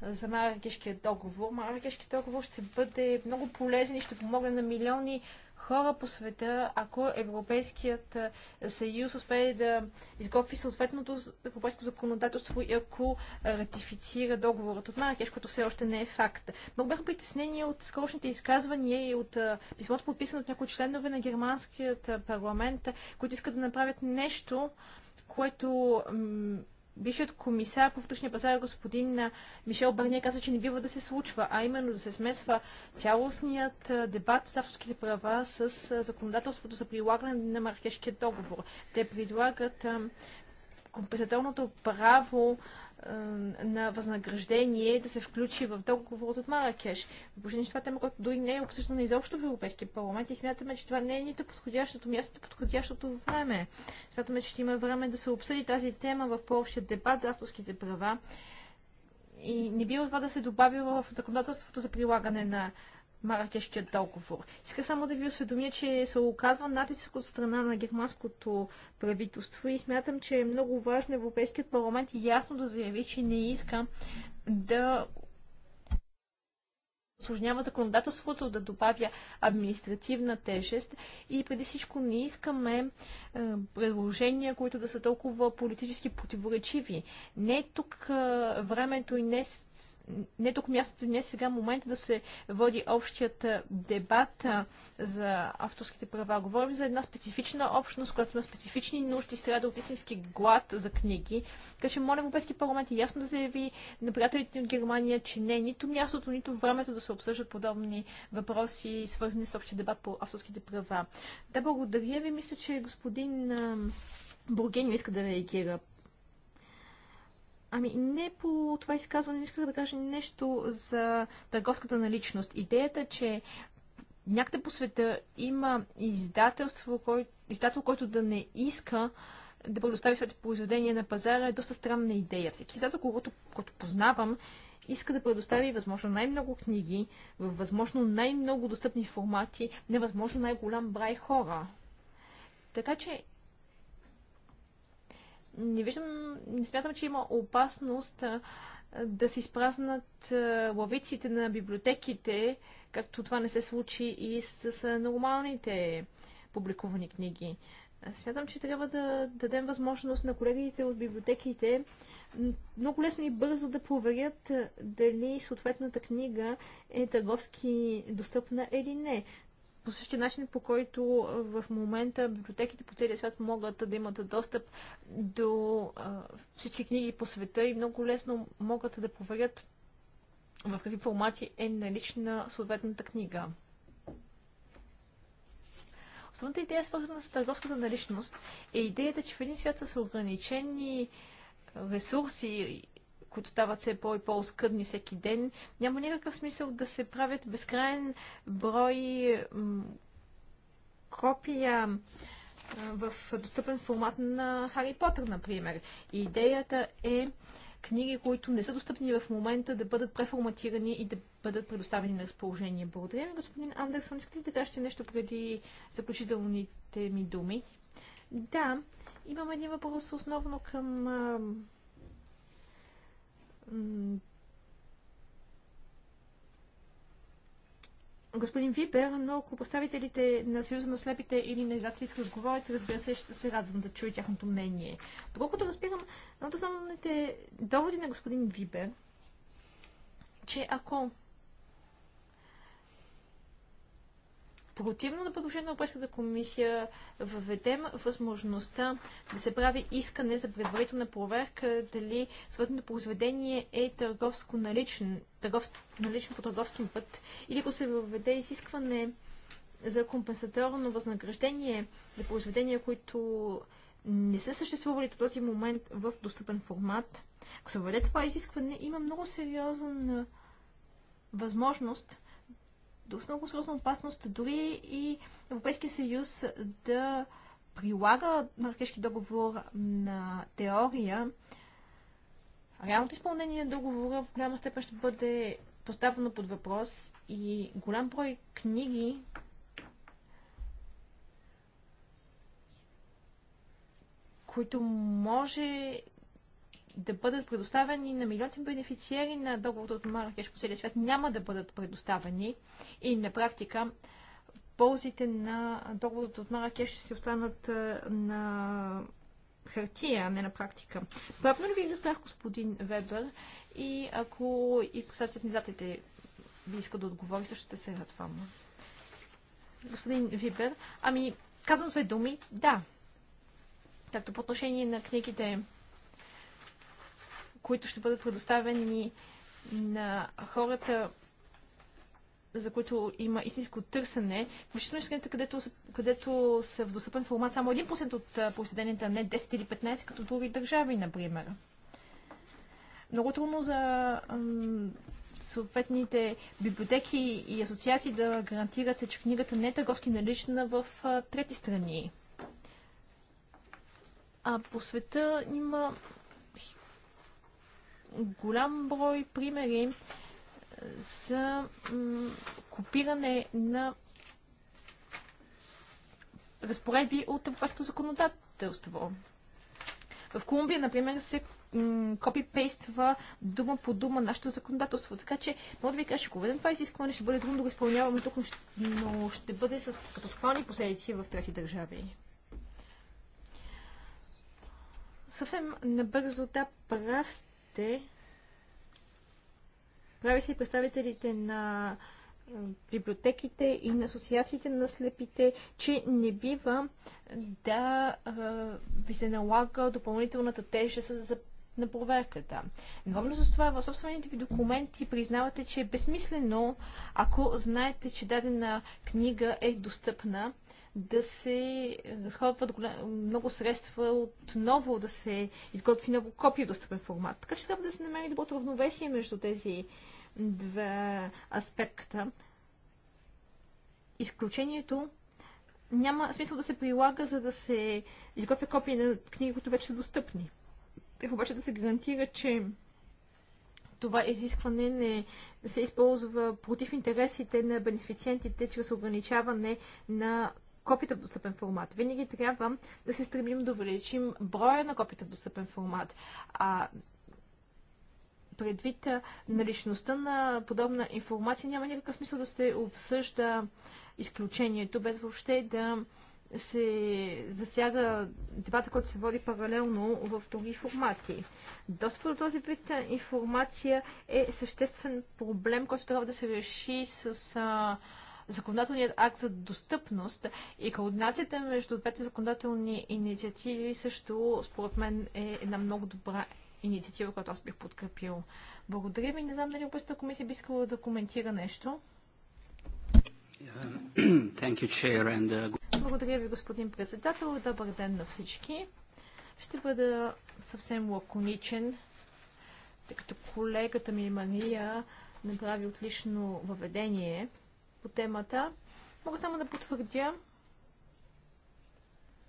за Маракешкият договор. Маракешкият договор ще бъде много полезен и ще помогне на милиони хора по света, ако Европейският е, съюз успее да изготви съответното европейско законодателство и ако ратифицира договорът от Маракеш, което все още не е факт. Много бяха притеснени от скорошните изказвания и от е, писмото, подписано от някои членове на германският е, парламент, които искат да направят нещо, което бившият комисар по вътрешния пазар господин Мишел Барния каза, че не бива да се случва, а именно да се смесва цялостният дебат за авторските права с законодателството за прилагане на маркешкият договор. Те предлагат компенсаторното право на възнаграждение да се включи в договорът от Маракеш. Боже, това е тема, която дори не е обсъждана изобщо в Европейския парламент и смятаме, че това не е нито подходящото място, нито подходящото време. Смятаме, че ще има време да се обсъди тази тема в по-общия дебат за авторските права. И не бива това да се добави в законодателството за прилагане на Маракешкият е договор. Иска само да ви осведомя, че се оказва натиск от страна на германското правителство и смятам, че е много важно Европейският парламент ясно да заяви, че не иска да осложнява законодателството, да добавя административна тежест и преди всичко не искаме е, предложения, които да са толкова политически противоречиви. Не е тук е, времето и не не тук мястото, не сега момента да се води общият дебат за авторските права. Говорим за една специфична общност, която има специфични нужди, страда е от истински глад за книги. Така че моля Европейски парламент и ясно да заяви на приятелите от Германия, че не е нито мястото, нито времето да се обсъждат подобни въпроси, свързани с общия дебат по авторските права. Да, благодаря ви. Мисля, че господин Бургенио иска да реагира Ами не по това изказване не исках да кажа нещо за търговската наличност. Идеята, че някъде по света има издателство, кой, издател, който да не иска да предостави своите произведения на пазара, е доста странна идея. Всеки издател, когато, когато познавам, иска да предостави възможно най-много книги, в възможно най-много достъпни формати, невъзможно най-голям брай хора. Така че не виждам, не смятам, че има опасност да се изпразнат лавиците на библиотеките, както това не се случи и с нормалните публикувани книги. Смятам, че трябва да дадем възможност на колегите от библиотеките много лесно и бързо да проверят дали съответната книга е търговски достъпна или не по същия начин, по който в момента библиотеките по целия свят могат да имат достъп до всички книги по света и много лесно могат да проверят в какви формати е налична съответната книга. Основната идея, е свързана с търговската наличност, е идеята, че в един свят с ограничени ресурси които стават все по- и по-оскъдни всеки ден, няма никакъв смисъл да се правят безкрайен брой копия в достъпен формат на Хари Потър, например. И идеята е книги, които не са достъпни в момента, да бъдат преформатирани и да бъдат предоставени на разположение. Благодаря ви, господин Андерсон. Искате ли да кажете нещо преди заключителните ми думи? Да, имам един въпрос основно към господин Вибер, но ако представителите на Съюза на слепите или на издателите отговорят, разбира се, ще се радвам да чуя тяхното мнение. Доколкото разбирам, едно от основните доводи на господин Вибер, че ако противно на предложение на Европейската комисия въведем възможността да се прави искане за предварителна проверка дали съответното произведение е търговско наличен търговско, налично по търговски път или ако се въведе изискване за компенсаторно възнаграждение за произведения, които не са съществували до този момент в достъпен формат. Ако се въведе това изискване, има много сериозна възможност до много сериозна опасност дори и Европейския съюз да прилага Маркешки договор на теория, реалното изпълнение на договора в голяма степен ще бъде поставено под въпрос и голям брой книги които може да бъдат предоставени на милиони бенефициери на договорите от Маракеш по целия свят, няма да бъдат предоставени и на практика ползите на договорите от Маракеш ще си останат на хартия, а не на практика. Правно ли ви разбрах, господин Вебер? И ако и представителят низатите ви иска да отговори, също ще се радвам. Господин Вибер, ами, казвам свои думи, да. Както по отношение на книгите които ще бъдат предоставени на хората, за които има истинско търсене, включително и където, където са в достъпен формат само 1% от поседенията, не 10 или 15, като други държави, например. Много трудно за съответните библиотеки и асоциации да гарантирате, че книгата не е търговски налична в трети страни. А по света има голям брой примери за е, копиране на разпоредби от европейското законодателство. В Колумбия, например, се копипейства дума по дума нашето законодателство. Така че, мога да ви кажа, ако ведем това изискване, ще бъде трудно да го изпълняваме тук, но ще, бъде с катастрофални последици в трети държави. Съвсем набързо, да, прав представителите прави се и представителите на библиотеките и на асоциациите на слепите, че не бива да а, ви се налага допълнителната тежест за на проверката. Едновременно с това, в собствените ви документи признавате, че е безсмислено, ако знаете, че дадена книга е достъпна да се разходват много средства отново, да се изготви ново копие достъпен формат. Така че трябва да се намери доброто равновесие между тези два аспекта. Изключението няма смисъл да се прилага, за да се изготвя копии на книги, които вече са достъпни. Трябва обаче да се гарантира, че това изискване не се използва против интересите на бенефициентите чрез ограничаване на копията в достъпен формат. Винаги трябва да се стремим да увеличим броя на копията в достъпен формат. А предвид наличността на подобна информация, няма никакъв смисъл да се обсъжда изключението, без въобще да се засяга дебата, който се води паралелно в други формати. Достъп до този вид информация е съществен проблем, който трябва да се реши с а, законодателният акт за достъпност и координацията между двете законодателни инициативи също, според мен, е една много добра инициатива, която аз бих подкрепил. Благодаря ви. Не знам дали областта комисия би искала да коментира нещо. Uh, Благодаря ви, господин председател. Добър ден на всички. Ще бъда съвсем лаконичен, тъй като колегата ми Мария направи отлично въведение по темата. Мога само да потвърдя,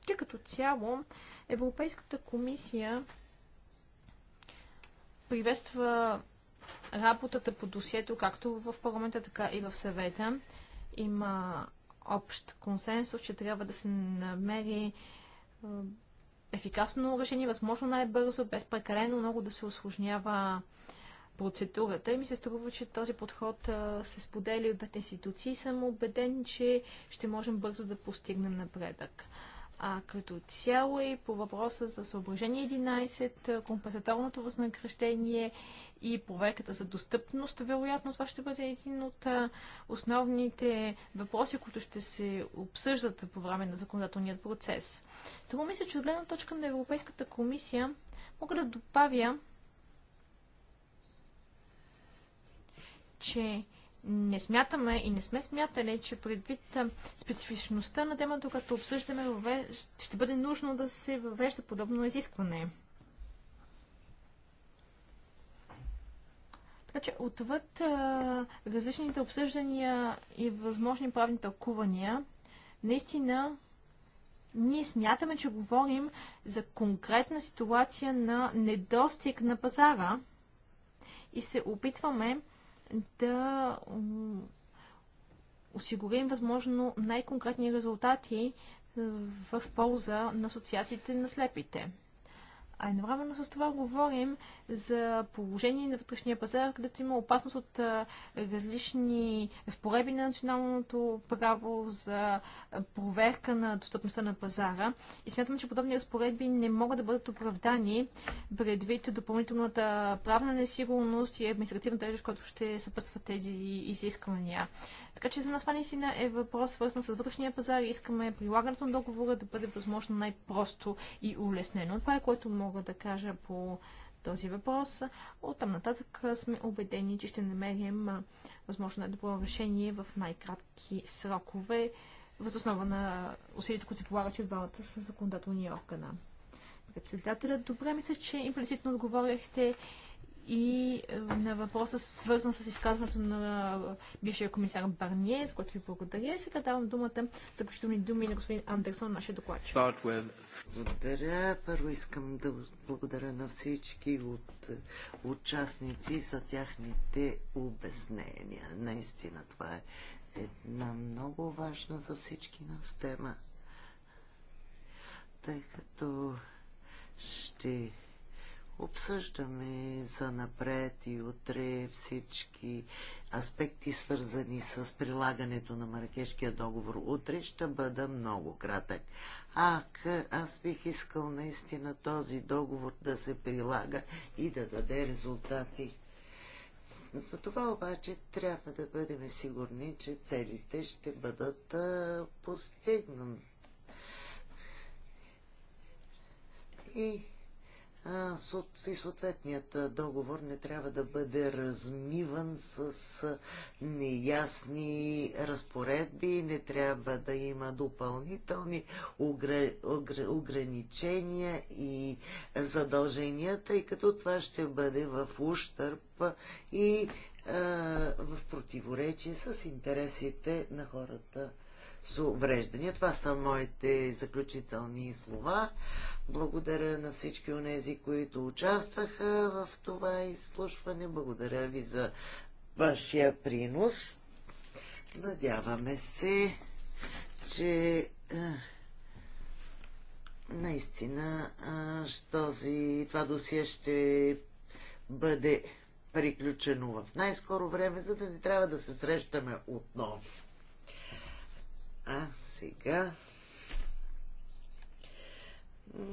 че като цяло Европейската комисия приветства работата по досието, както в парламента, така и в съвета. Има общ консенсус, че трябва да се намери ефикасно решение, възможно най-бързо, без прекалено много да се осложнява процедурата. И ми се струва, че този подход се споделя от двете институции и съм убеден, че ще можем бързо да постигнем напредък. А като цяло и е по въпроса за съображение 11, компенсаторното възнаграждение и проверката за достъпност, вероятно това ще бъде един от основните въпроси, които ще се обсъждат по време на законодателният процес. Само мисля, че от гледна точка на Европейската комисия мога да добавя, че не смятаме и не сме смятали, че предвид специфичността на темата, като обсъждаме, ще бъде нужно да се въвежда подобно изискване. Така че отвъд различните обсъждания и възможни правни тълкувания, наистина ние смятаме, че говорим за конкретна ситуация на недостиг на пазара и се опитваме да осигурим възможно най-конкретни резултати е, в полза на асоциациите на слепите. А едновременно с това говорим за положение на вътрешния пазар, където има опасност от различни разпореби на националното право за проверка на достъпността на пазара. И смятам, че подобни разпоредби не могат да бъдат оправдани предвид допълнителната правна несигурност и административна тежест, която ще съпътства тези изисквания. Така че за нас това наистина е въпрос свързан с вътрешния пазар и искаме прилагането на договора да бъде възможно най-просто и улеснено. Това е което мога да кажа по този въпрос. Оттам нататък сме убедени, че ще намерим възможно най-добро решение в най-кратки срокове, възоснова на усилията, които се полагат и от двамата с законодателни органа. Председателят, добре мисля, че имплицитно отговорихте и е, на въпроса свързан с изказването на е, бившия комисар Барние, за който ви благодаря. И сега давам думата заключителни думи на господин Андерсон, нашия докладчик. Благодаря. Първо искам да благодаря на всички от е, участници за тяхните обяснения. Наистина това е една много важна за всички нас тема. Тъй като ще обсъждаме за напред и утре всички аспекти, свързани с прилагането на Маракешкия договор. Утре ще бъда много кратък. Ах, аз бих искал наистина този договор да се прилага и да даде резултати. За това обаче трябва да бъдем сигурни, че целите ще бъдат постигнати. И и съответният договор не трябва да бъде размиван с неясни разпоредби, не трябва да има допълнителни ограничения и задължения, тъй като това ще бъде в ущърп и в противоречие с интересите на хората с увреждания. Това са моите заключителни слова. Благодаря на всички тези, които участваха в това изслушване. Благодаря ви за вашия принос. Надяваме се, че е, наистина е, този, това досие ще бъде приключено в най-скоро време, за да не трябва да се срещаме отново. А сега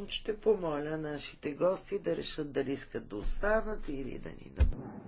ще помоля нашите гости да решат дали искат да останат или да ни напомнят.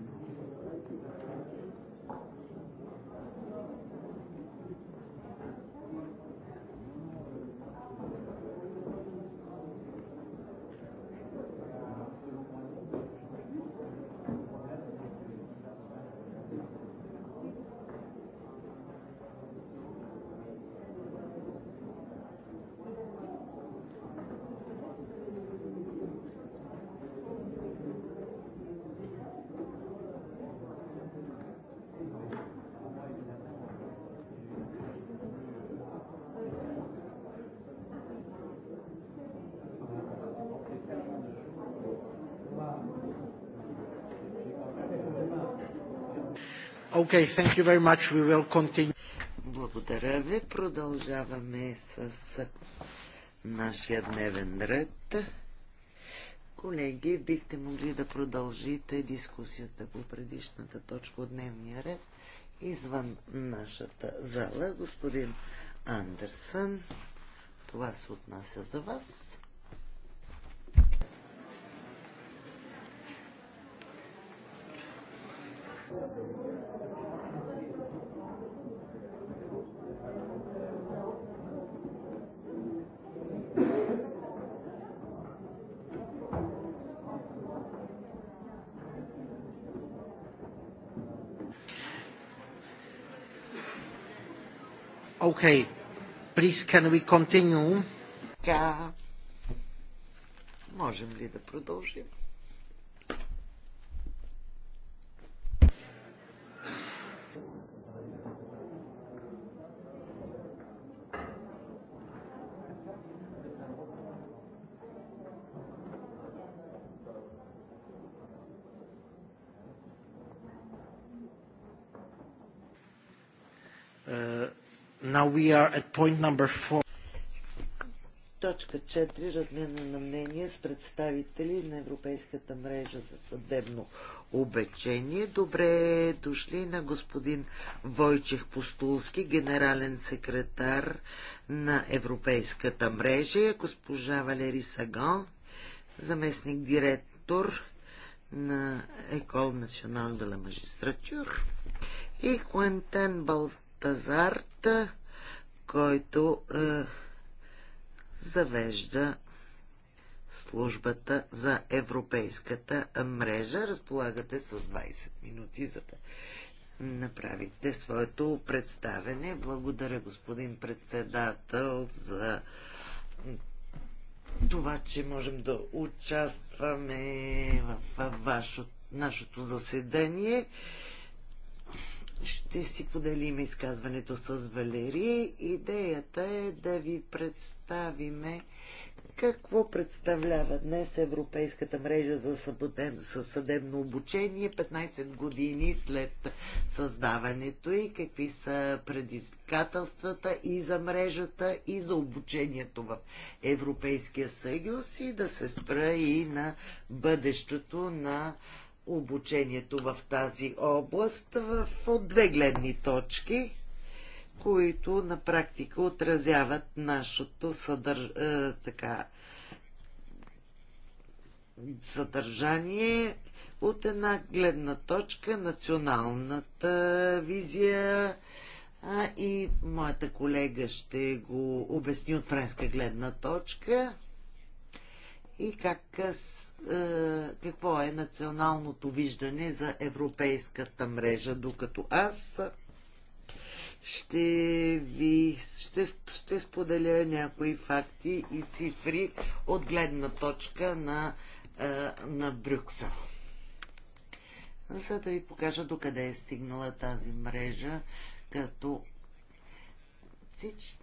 Okay, thank you very much. We will continue. Благодаря ви. Продължаваме с нашия дневен ред. Колеги, бихте могли да продължите дискусията по предишната точка от дневния ред извън нашата зала. Господин Андерсън, това се отнася за вас. Thank you. Okay. Please, can we continue? Така. Можем ли да продължим? Now we are at point number four. Точка 4. Размяна на мнение с представители на Европейската мрежа за съдебно обечение. Добре дошли на господин Войчех Постулски, генерален секретар на Европейската мрежа, госпожа Валери Саган, заместник директор на Екол Национал de la Magistrature и Куентен Балтазарта, който е, завежда службата за европейската мрежа. Разполагате с 20 минути, за да направите своето представене. Благодаря, господин председател, за това, че можем да участваме в вашето, нашето заседание. Ще си поделим изказването с Валери. Идеята е да ви представиме какво представлява днес Европейската мрежа за съдебно обучение 15 години след създаването и какви са предизвикателствата и за мрежата и за обучението в Европейския съюз и да се спра и на бъдещето на обучението в тази област в, от две гледни точки, които на практика отразяват нашето съдърж... е, така, съдържание от една гледна точка националната визия а, и моята колега ще го обясни от френска гледна точка и как е, какво е националното виждане за европейската мрежа, докато аз ще ви ще, ще споделя някои факти и цифри от гледна точка на, е, на Брюксел. За да ви покажа докъде е стигнала тази мрежа, като Цич...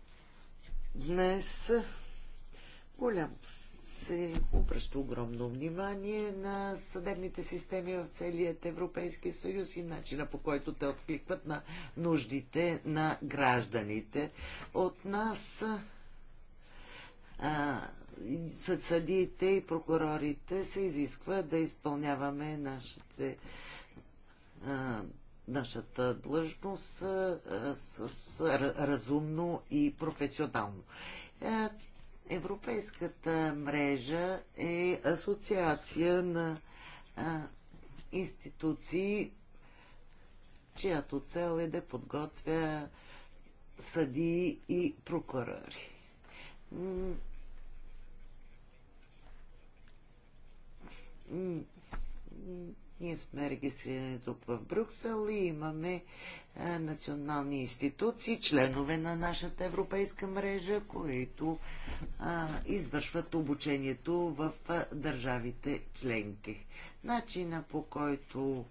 днес голям се обръща огромно внимание на съдебните системи в целият Европейски съюз и начина по който те откликват на нуждите на гражданите. От нас а, съдиите и прокурорите се изисква да изпълняваме нашите а, нашата длъжност а, с, с разумно и професионално. Е, Европейската мрежа е асоциация на а, институции, чиято цел е да подготвя съдии и прокурори. Ние сме регистрирани тук в Брюксел и имаме национални институции, членове на нашата европейска мрежа, които а, извършват обучението в а, държавите членки. Начина по който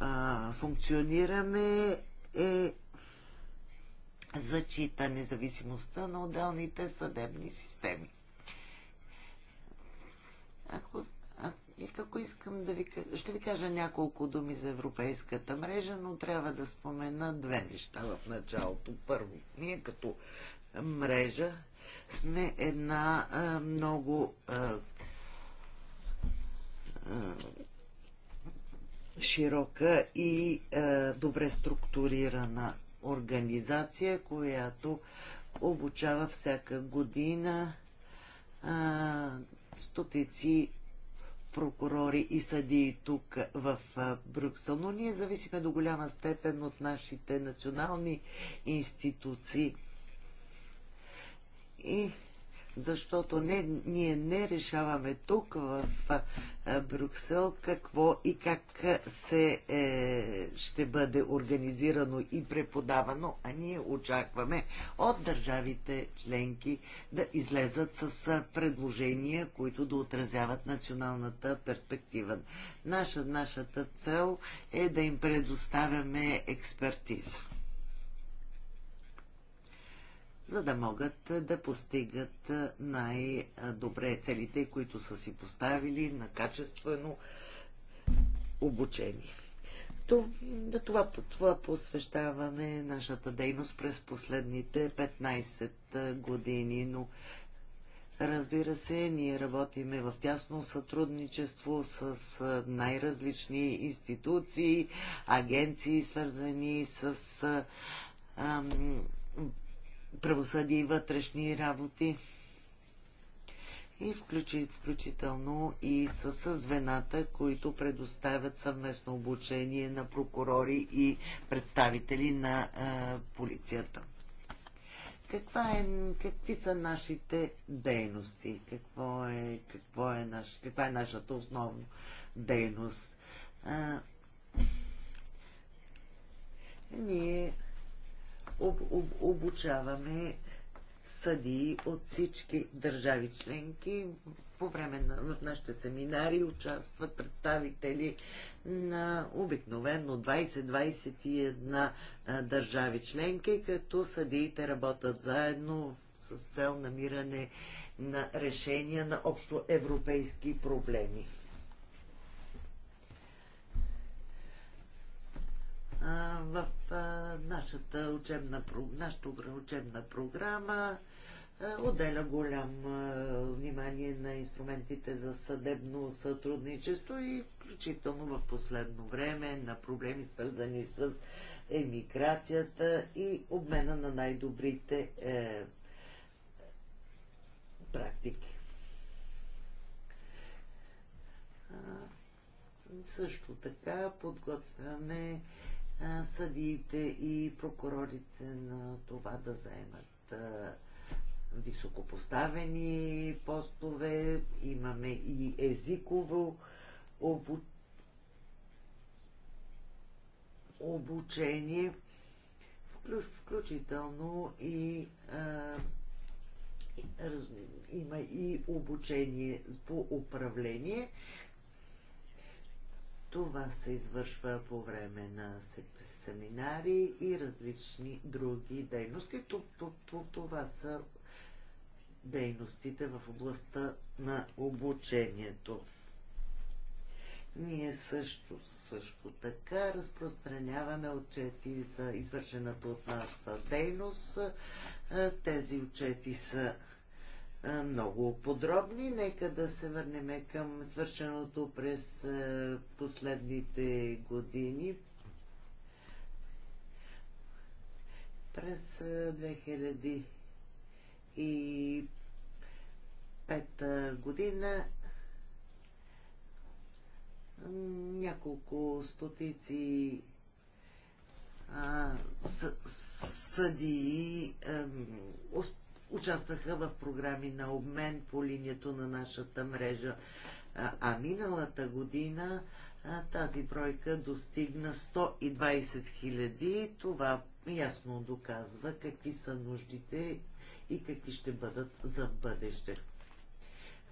а, функционираме е зачита независимостта на отделните съдебни системи. Ако ако искам да ви, ще ви кажа няколко думи за европейската мрежа, но трябва да спомена две неща в началото. Първо, ние като мрежа сме една а, много а, а, широка и а, добре структурирана организация, която обучава всяка година а, стотици прокурори и съдии тук в Брюксел, но ние зависиме до голяма степен от нашите национални институции. И защото не, ние не решаваме тук в Брюксел какво и как се е, ще бъде организирано и преподавано, а ние очакваме от държавите членки да излезат с предложения, които да отразяват националната перспектива. Наша, нашата цел е да им предоставяме експертиза за да могат да постигат най-добре целите, които са си поставили на качествено обучение. То, това, това посвещаваме нашата дейност през последните 15 години, но Разбира се, ние работиме в тясно сътрудничество с най-различни институции, агенции, свързани с ам, правосъдие и вътрешни работи и включи, включително и с, звената, които предоставят съвместно обучение на прокурори и представители на е, полицията. Каква е, какви са нашите дейности? Какво е, какво е наш, каква е нашата основна дейност? А, ние об, об, обучаваме съдии от всички държави членки. По време на в нашите семинари участват представители на обикновено 20-21 държави членки, като съдиите работят заедно с цел намиране на решения на общо европейски проблеми. в нашата учебна, нашата учебна програма отделя голям внимание на инструментите за съдебно сътрудничество и включително в последно време на проблеми свързани с емиграцията и обмена на най-добрите е, практики. А, също така подготвяме съдиите и прокурорите на това да заемат високопоставени постове. Имаме и езиково обучение, включително и има и обучение по управление, това се извършва по време на семинари и различни други дейности. Това са дейностите в областта на обучението. Ние също, също така разпространяваме отчети за извършената от нас дейност. Тези отчети са много подробни. Нека да се върнем към свършеното през последните години. През 2005 година няколко стотици съдии участваха в програми на обмен по линията на нашата мрежа. А миналата година тази бройка достигна 120 хиляди. Това ясно доказва какви са нуждите и какви ще бъдат за бъдеще.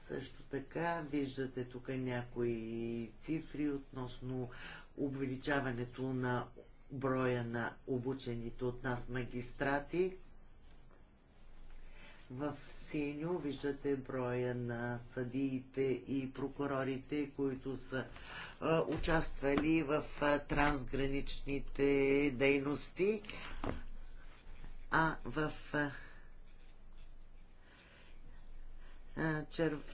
Също така виждате тук някои цифри относно увеличаването на броя на обучените от нас магистрати. В синьо виждате броя на съдиите и прокурорите, които са а, участвали в а, трансграничните дейности, а в а,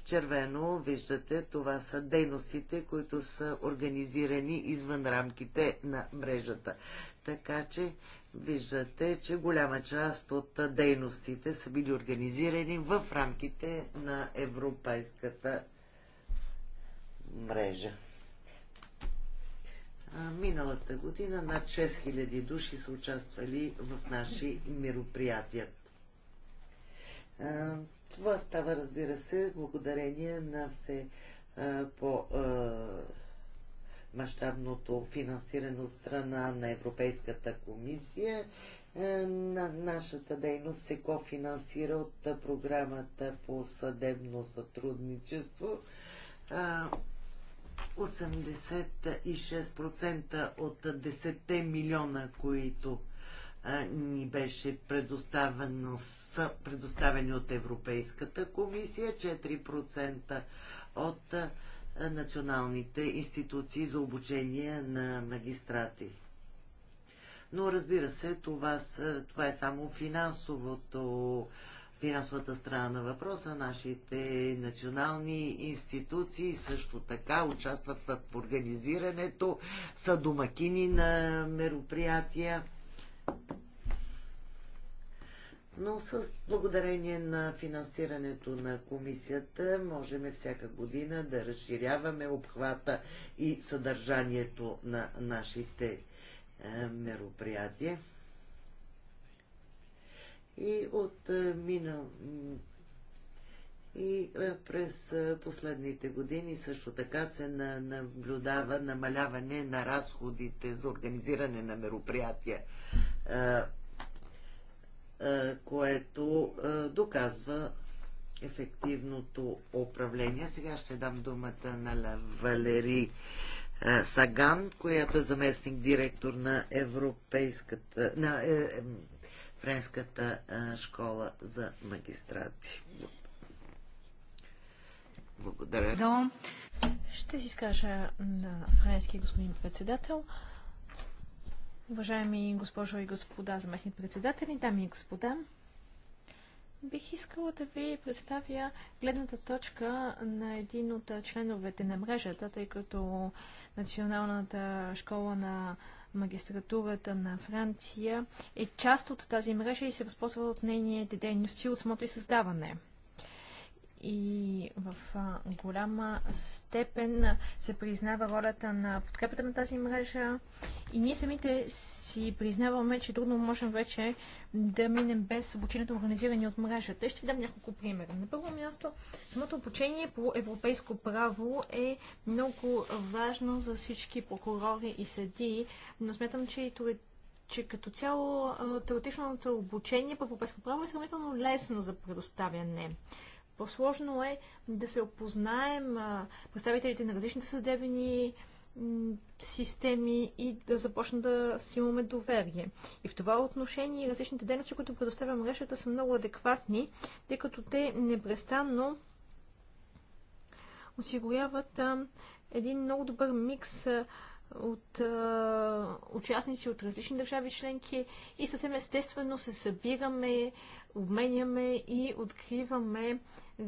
червено виждате това са дейностите, които са организирани извън рамките на мрежата. Така че виждате, че голяма част от дейностите са били организирани в рамките на европейската мрежа. Миналата година над 6000 души са участвали в наши мероприятия. Това става, разбира се, благодарение на все по мащабното финансиране от страна на Европейската комисия. Е, на нашата дейност се кофинансира от програмата по съдебно сътрудничество. 86% от 10 милиона, които ни беше предоставено, са предоставени от Европейската комисия, 4% от националните институции за обучение на магистрати. Но разбира се, това, са, това е само финансовото, финансовата страна на въпроса. Нашите национални институции също така участват в организирането, са домакини на мероприятия но с благодарение на финансирането на комисията можем всяка година да разширяваме обхвата и съдържанието на нашите е, мероприятия. И от е, мина. и е, през последните години също така се наблюдава намаляване на разходите за организиране на мероприятия е, което е, доказва ефективното управление. Сега ще дам думата на Валери е, Саган, която е заместник директор на Европейската, на е, е, Френската школа за магистрати. Благодаря. Ще си скажа на френски господин председател. Уважаеми госпожо и господа заместни председатели, дами и господа, бих искала да ви представя гледната точка на един от членовете на мрежата, тъй като Националната школа на магистратурата на Франция е част от тази мрежа и се възползва от нейните дейности от самото и създаване и в голяма степен се признава ролята на подкрепата на тази мрежа и ние самите си признаваме, че трудно можем вече да минем без обучението организирани от мрежата. Ще ви дам няколко примера. На първо място, самото обучение по европейско право е много важно за всички прокурори и съдии, но смятам, че и това че като цяло теоретичното обучение по европейско право е сравнително лесно за предоставяне. По-сложно е да се опознаем представителите на различните съдебни системи и да започнем да си имаме доверие. И в това отношение различните дейности, които предоставя мрежата, са много адекватни, тъй като те непрестанно осигуряват а, един много добър микс а, от а, участници от различни държави членки и съвсем естествено се събираме, обменяме и откриваме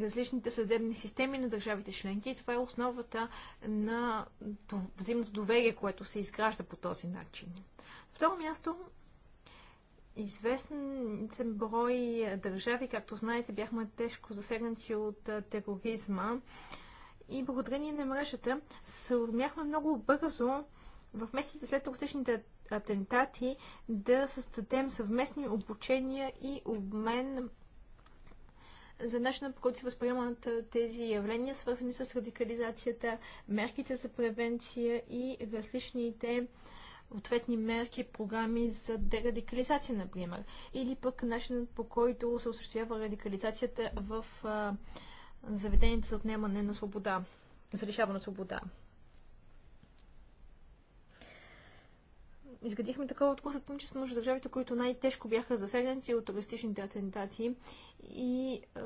различните съдебни системи на държавите членки и това е основата на взаимното доверие, което се изгражда по този начин. второ място, известен брой държави, както знаете, бяхме тежко засегнати от тероризма и благодарение на мрежата се умяхме много бързо в месеците след терористичните атентати да създадем съвместни обучения и обмен за начина по който се възприемат тези явления, свързани с радикализацията, мерките за превенция и различните ответни мерки, програми за дерадикализация, например. Или пък начинът по който се осъществява радикализацията в а, заведението за отнемане на свобода, за лишаване на свобода. изградихме такова такова сътрудничество между държавите, които най-тежко бяха засегнати от терористичните атентати и а,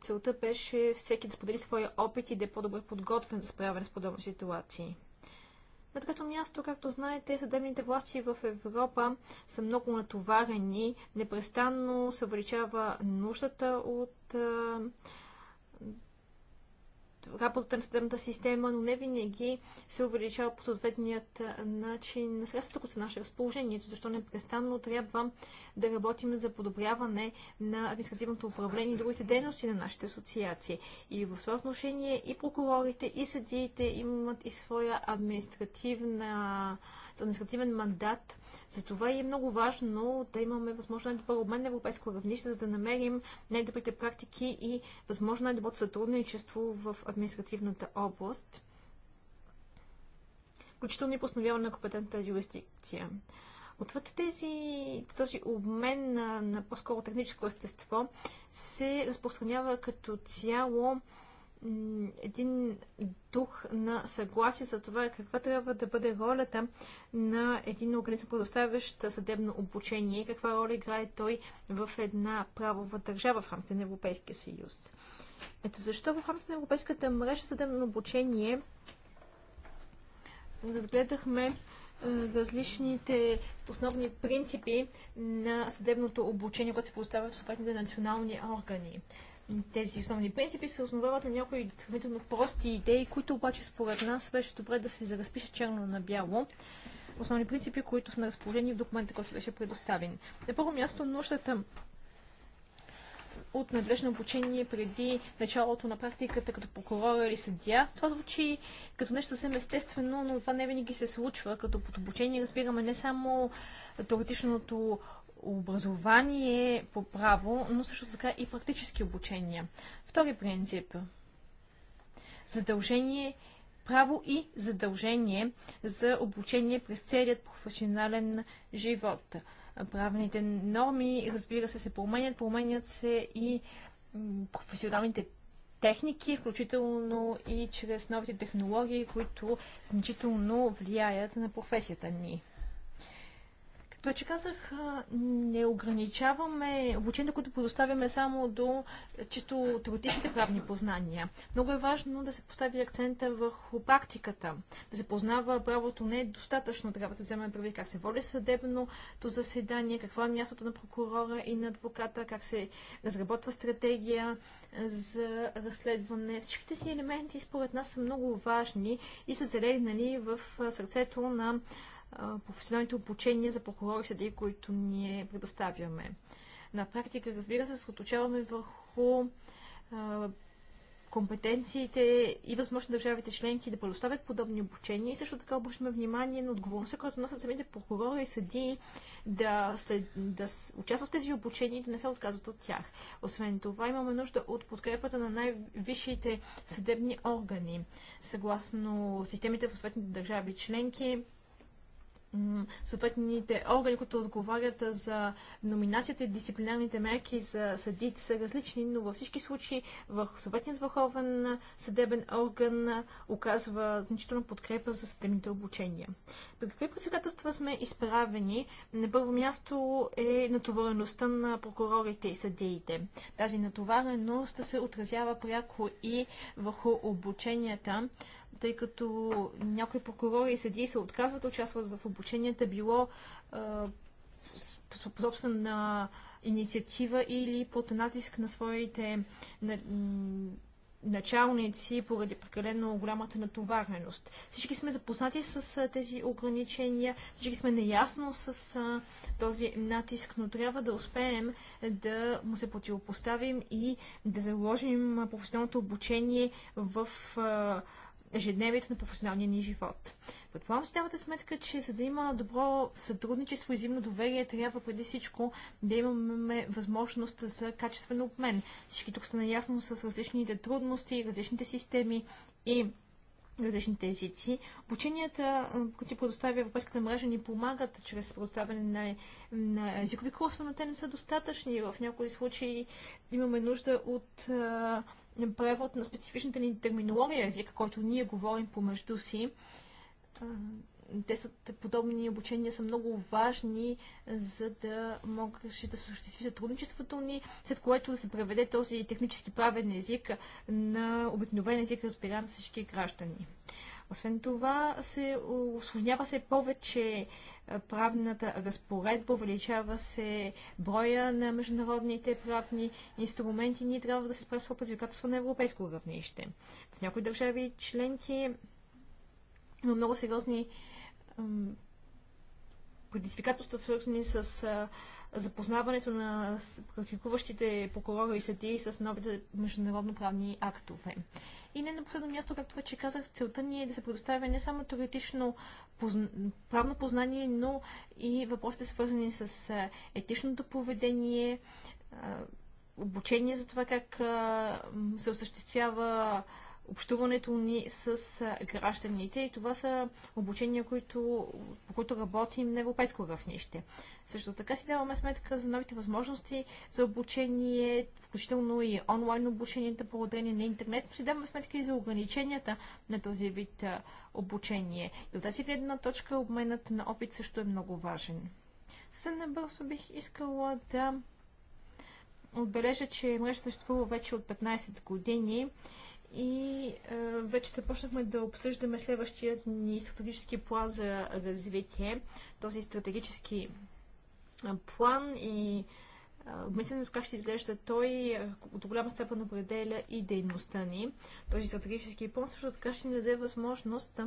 целта беше всеки да сподели своя опит и да е по-добре подготвен за справяне с подобни ситуации. На трето място, както знаете, съдебните власти в Европа са много натоварени. Непрестанно се увеличава нуждата от а, работата на съдебната система, но не винаги се увеличава по съответният начин на средствата, които са наше разположение. Защо непрестанно трябва да работим за подобряване на административното управление и другите дейности на нашите асоциации. И в това отношение и прокурорите, и съдиите имат и своя административна за административен мандат. Затова е много важно да имаме възможно най-добър обмен на европейско равнище, за да намерим най-добрите практики и възможно най-доброто сътрудничество в административната област, включително и постановяване на компетентната юрисдикция. Отвъд тези, този обмен на, на по-скоро техническо естество се разпространява като цяло един дух на съгласие за това каква трябва да бъде ролята на един организъм, предоставящ съдебно обучение и каква роля играе той в една правова държава в рамките на Европейския съюз. Ето защо в рамките на Европейската мрежа съдебно обучение разгледахме е, различните основни принципи на съдебното обучение, което се поставя в съответните национални органи тези основни принципи се основават на някои сравнително прости идеи, които обаче според нас беше добре да се разпише черно на бяло. Основни принципи, които са на разположение в документа, който беше предоставен. На първо място нуждата от надлежно обучение преди началото на практиката като прокурор или съдия. Това звучи като нещо съвсем естествено, но това не винаги се случва. Като под обучение разбираме не само теоретичното образование по право, но също така и практически обучения. Втори принцип. Задължение, право и задължение за обучение през целият професионален живот. Правните норми, разбира се, се променят, променят се и професионалните техники, включително и чрез новите технологии, които значително влияят на професията ни. Това, че казах, не ограничаваме обучението, което предоставяме само до чисто теоретичните правни познания. Много е важно да се постави акцента върху практиката, да се познава правото не е достатъчно, трябва да се вземе прави как се води съдебното заседание, какво е мястото на прокурора и на адвоката, как се разработва стратегия за разследване. Всичките си елементи според нас са много важни и са залегнали в сърцето на професионалните обучения за прокурори и съдии, които ние предоставяме. На практика, разбира се, съсредоточаваме върху компетенциите и възможно държавите членки да предоставят подобни обучения и също така обръщаме внимание на отговорността, която носят самите прокурори и съдии да, след, да участват в тези обучения и да не се отказват от тях. Освен това, имаме нужда от подкрепата на най-висшите съдебни органи. Съгласно системите в съответните държави членки, съответните органи, които отговарят за номинацията и дисциплинарните мерки за съдиите са различни, но във всички случаи в съответният върховен съдебен орган оказва значителна подкрепа за съдебните обучения. При какви председателства сме изправени? На първо място е натовареността на прокурорите и съдиите. Тази натовареност се отразява пряко и върху обученията, тъй като някои прокурори и съдии се отказват да участват в обученията, било по собствена инициатива или под натиск на своите началници поради прекалено голямата натовареност. Всички сме запознати с тези ограничения, всички сме неясно с този натиск, но трябва да успеем да му се противопоставим и да заложим професионалното обучение в ежедневието на професионалния ни живот. Предполагам си давате сметка, че за да има добро сътрудничество и взаимно доверие, трябва преди всичко да имаме възможност за качествен обмен. Всички тук сте наясно с различните трудности, различните системи и различните езици. Обученията, които предоставя Европейската мрежа, ни помагат чрез предоставяне на, на езикови курсове, но те не са достатъчни. В някои случаи имаме нужда от а, превод на специфичната ни терминология език, който ние говорим помежду си. Те са подобни обучения са много важни, за да може да се осъществи сътрудничеството ни, след което да се преведе този технически правен език на обикновен език, разбираем всички граждани. Освен това, се осложнява се повече е, правната разпоредба, увеличава се броя на международните правни инструменти. Ние трябва да се справим с това предизвикателство на европейско равнище. В някои държави членки има много сериозни предизвикателства, свързани с запознаването на практикуващите прокурори и с новите международно-правни актове. И не на последно място, както вече казах, целта ни е да се предоставя не само теоретично позна... правно познание, но и въпросите свързани с етичното поведение, обучение за това как се осъществява общуването ни с гражданите и това са обучения, които, по които работим на европейско равнище. Също така си даваме сметка за новите възможности за обучение, включително и онлайн обученията, благодарение на интернет, но си даваме сметка и за ограниченията на този вид обучение. И от тази гледна точка обменът на опит също е много важен. Съвсем набързо бих искала да отбележа, че мрежата съществува вече от 15 години и а, вече започнахме да обсъждаме следващият ни стратегически план за развитие. Този стратегически план и мисленето как ще изглежда той до голяма степен определя и дейността ни. Този стратегически план също така ще ни даде възможност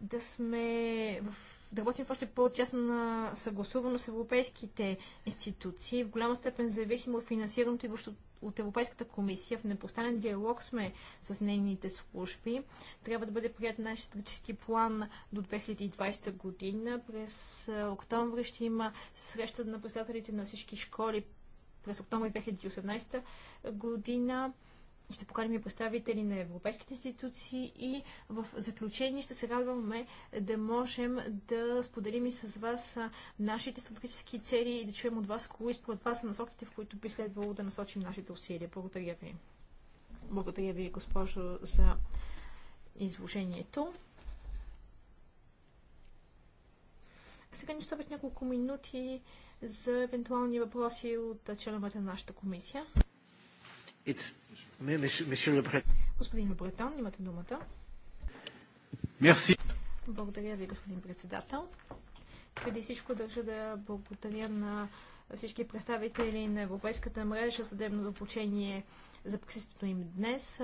да сме в да работим в още по-тясна съгласуваност с европейските институции. В голяма степен зависимо от финансирането и от Европейската комисия. В непостанен диалог сме с нейните служби. Трябва да бъде прият наш стратегически план до 2020 година. През октомври ще има среща на председателите на всички школи през октомври 2018 година ще поканим и представители на европейските институции и в заключение ще се радваме да можем да споделим и с вас нашите стратегически цели и да чуем от вас, кои според вас са насоките, в които би следвало да насочим нашите усилия. Благодаря ви. Благодаря ви, госпожо, за изложението. Сега ни оставят няколко минути за евентуални въпроси от членовете на нашата комисия. Господин Лебретон, имате думата. Мерси. Благодаря ви, господин председател. Преди всичко държа да благодаря на всички представители на Европейската мрежа съдебно обучение за присъствието им днес.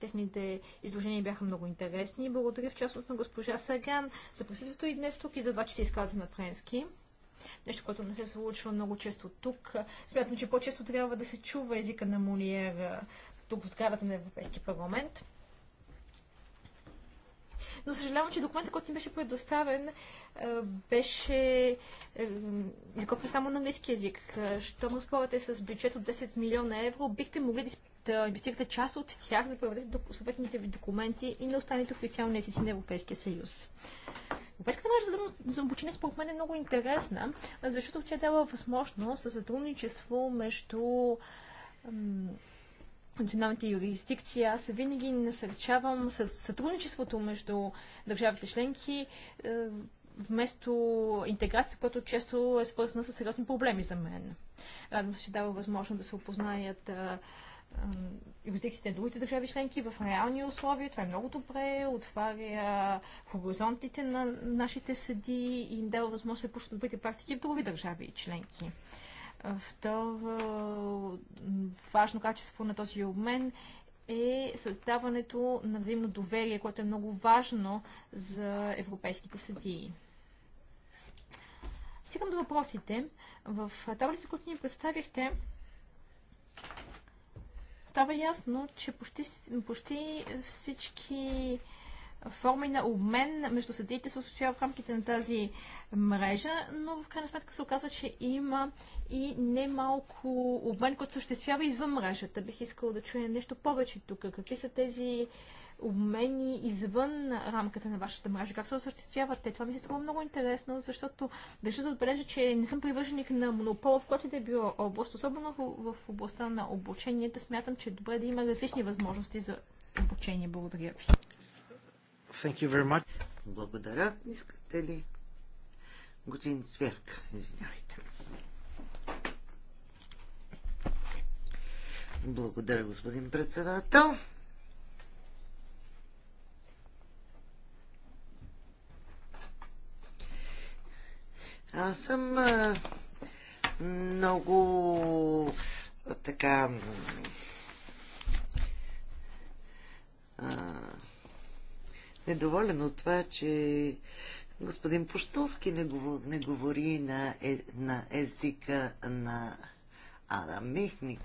Техните изложения бяха много интересни. Благодаря в частност на госпожа Саган за присъствието и днес тук и за това, че се изказа на френски. Нещо, което не се случва много често тук. Смятам, че по-често трябва да се чува езика на Молиер тук в сградата на Европейския парламент. Но съжалявам, че документът, който ни беше предоставен, беше изготвен само на английски язик. Щом разполагате с бюджет от 10 милиона евро, бихте могли да инвестирате част от тях, за да проведете съответните ви документи и на останалите официални езици на Европейския съюз. Европейската мрежа за обучение според мен е много интересна, защото тя дава възможност за сътрудничество между националната юрисдикция. Аз винаги насърчавам сътрудничеството между държавите членки е, вместо интеграция, която често е свързана с сериозни проблеми за мен. Радвам се, че дава възможност да се опознаят е, юрисдикциите на другите държави членки в реални условия. Това е много добре, отваря хоризонтите на нашите съди и им дава възможност да пушат добрите практики в други държави членки. Второ важно качество на този обмен е създаването на взаимно доверие, което е много важно за европейските съдии. Стигам до въпросите. В таблицата, които ни представихте, става ясно, че почти, почти всички форми на обмен между съдиите се осъществява в рамките на тази мрежа, но в крайна сметка се оказва, че има и немалко обмен, който се осъществява извън мрежата. Бих искала да чуя нещо повече тук. Какви са тези обмени извън рамката на вашата мрежа? Как се осъществяват те? Това ми се струва много интересно, защото държа да отбележа, че не съм привърженик на монопола, в който и да е било област, особено в, в областта на обучението. Смятам, че е добре да има различни възможности за обучение. Благодаря ви. Thank you very much. Благодаря. Искате ли? Господин Сверка, извинявайте. Благодаря, господин председател. Аз съм много така недоволен от това, че господин Пуштовски не, говор, не говори на, е, на езика на Адам Михник.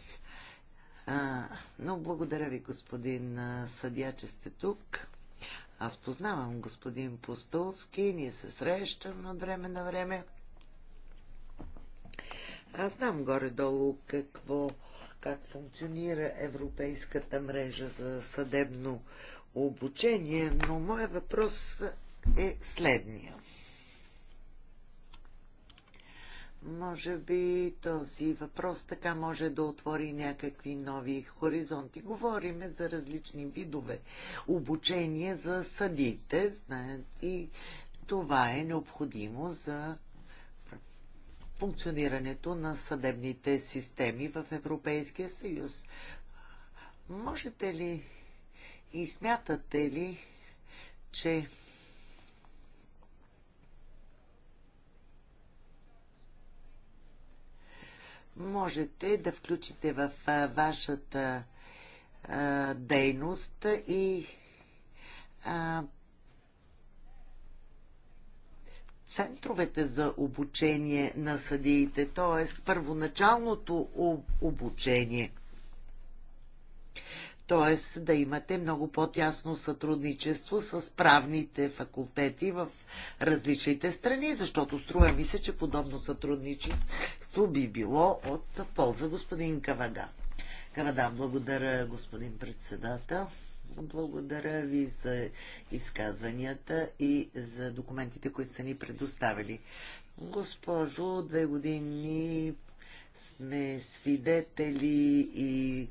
А, но благодаря ви, господин съдя, че сте тук. Аз познавам господин Пустолски, ние се срещаме от време на време. Аз знам горе-долу какво, как функционира Европейската мрежа за съдебно обучение, но моят въпрос е следния. Може би този въпрос така може да отвори някакви нови хоризонти. Говориме за различни видове обучение за съдите, знаете, и това е необходимо за функционирането на съдебните системи в Европейския съюз. Можете ли и смятате ли, че можете да включите в вашата дейност и центровете за обучение на съдиите, т.е. първоначалното обучение. Т.е. да имате много по-тясно сътрудничество с правните факултети в различните страни, защото струва ми се, че подобно сътрудничество би било от полза господин Кавада. Кавада, благодаря господин председател. Благодаря ви за изказванията и за документите, които са ни предоставили. Госпожо, две години сме свидетели и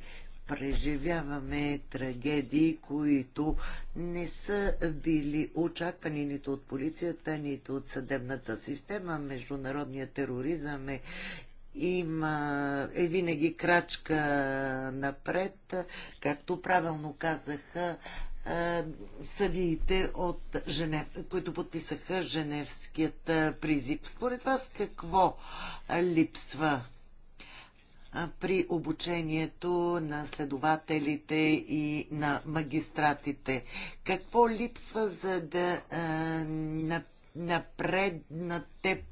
преживяваме трагедии, които не са били очаквани нито от полицията, нито от съдебната система. Международният тероризъм е има, е винаги крачка напред, както правилно казаха е, съдиите от Женев, които подписаха Женевският е, призив. Според вас какво липсва е, при обучението на следователите и на магистратите? Какво липсва, за да теб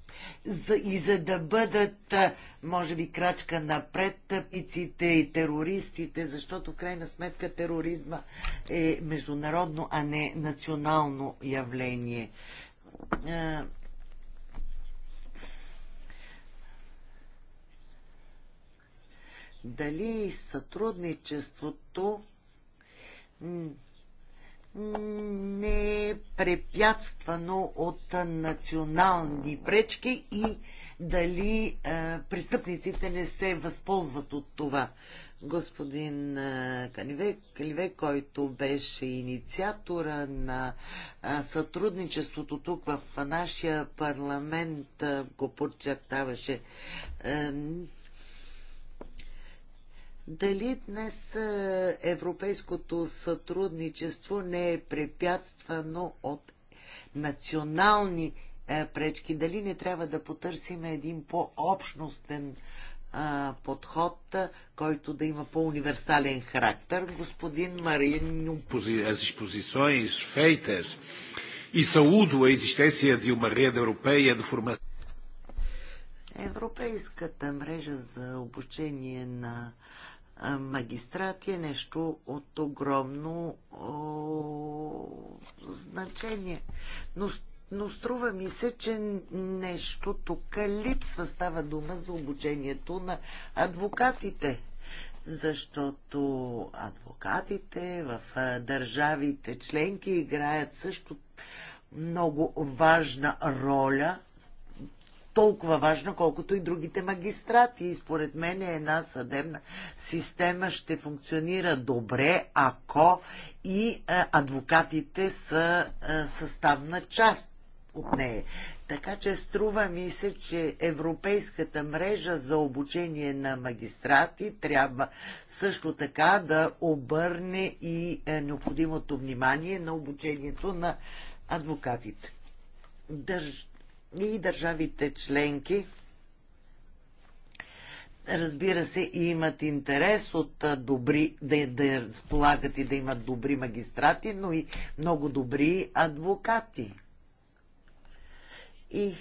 за, и за да бъдат, може би, крачка напред тъпиците и терористите, защото в крайна сметка тероризма е международно, а не национално явление. Дали сътрудничеството Непрепятствано от национални пречки и дали а, е, престъпниците не се възползват от това. Господин е, Каливе, Каниве, който беше инициатора на е, сътрудничеството тук в нашия парламент, го подчертаваше. Дали днес е, европейското сътрудничество не е препятствано от национални е, пречки? Дали не трябва да потърсим един по-общностен е, подход, който да има по-универсален характер. Господин Мариньо. As exposições feitas e saúdo a existência de uma rede europeia de formação. Европейската мрежа за обучение на магистрати е нещо от огромно о, значение. Но, но струва ми се, че нещо тук липсва. Става дума за обучението на адвокатите. Защото адвокатите в държавите членки играят също много важна роля – толкова важна, колкото и другите магистрати. И според мен е една съдебна система ще функционира добре, ако и е, адвокатите са е, съставна част от нея. Така че струва ми се, че Европейската мрежа за обучение на магистрати трябва също така да обърне и необходимото внимание на обучението на адвокатите. Държ и държавите членки разбира се, и имат интерес от добри, да, да разполагат и да имат добри магистрати, но и много добри адвокати. И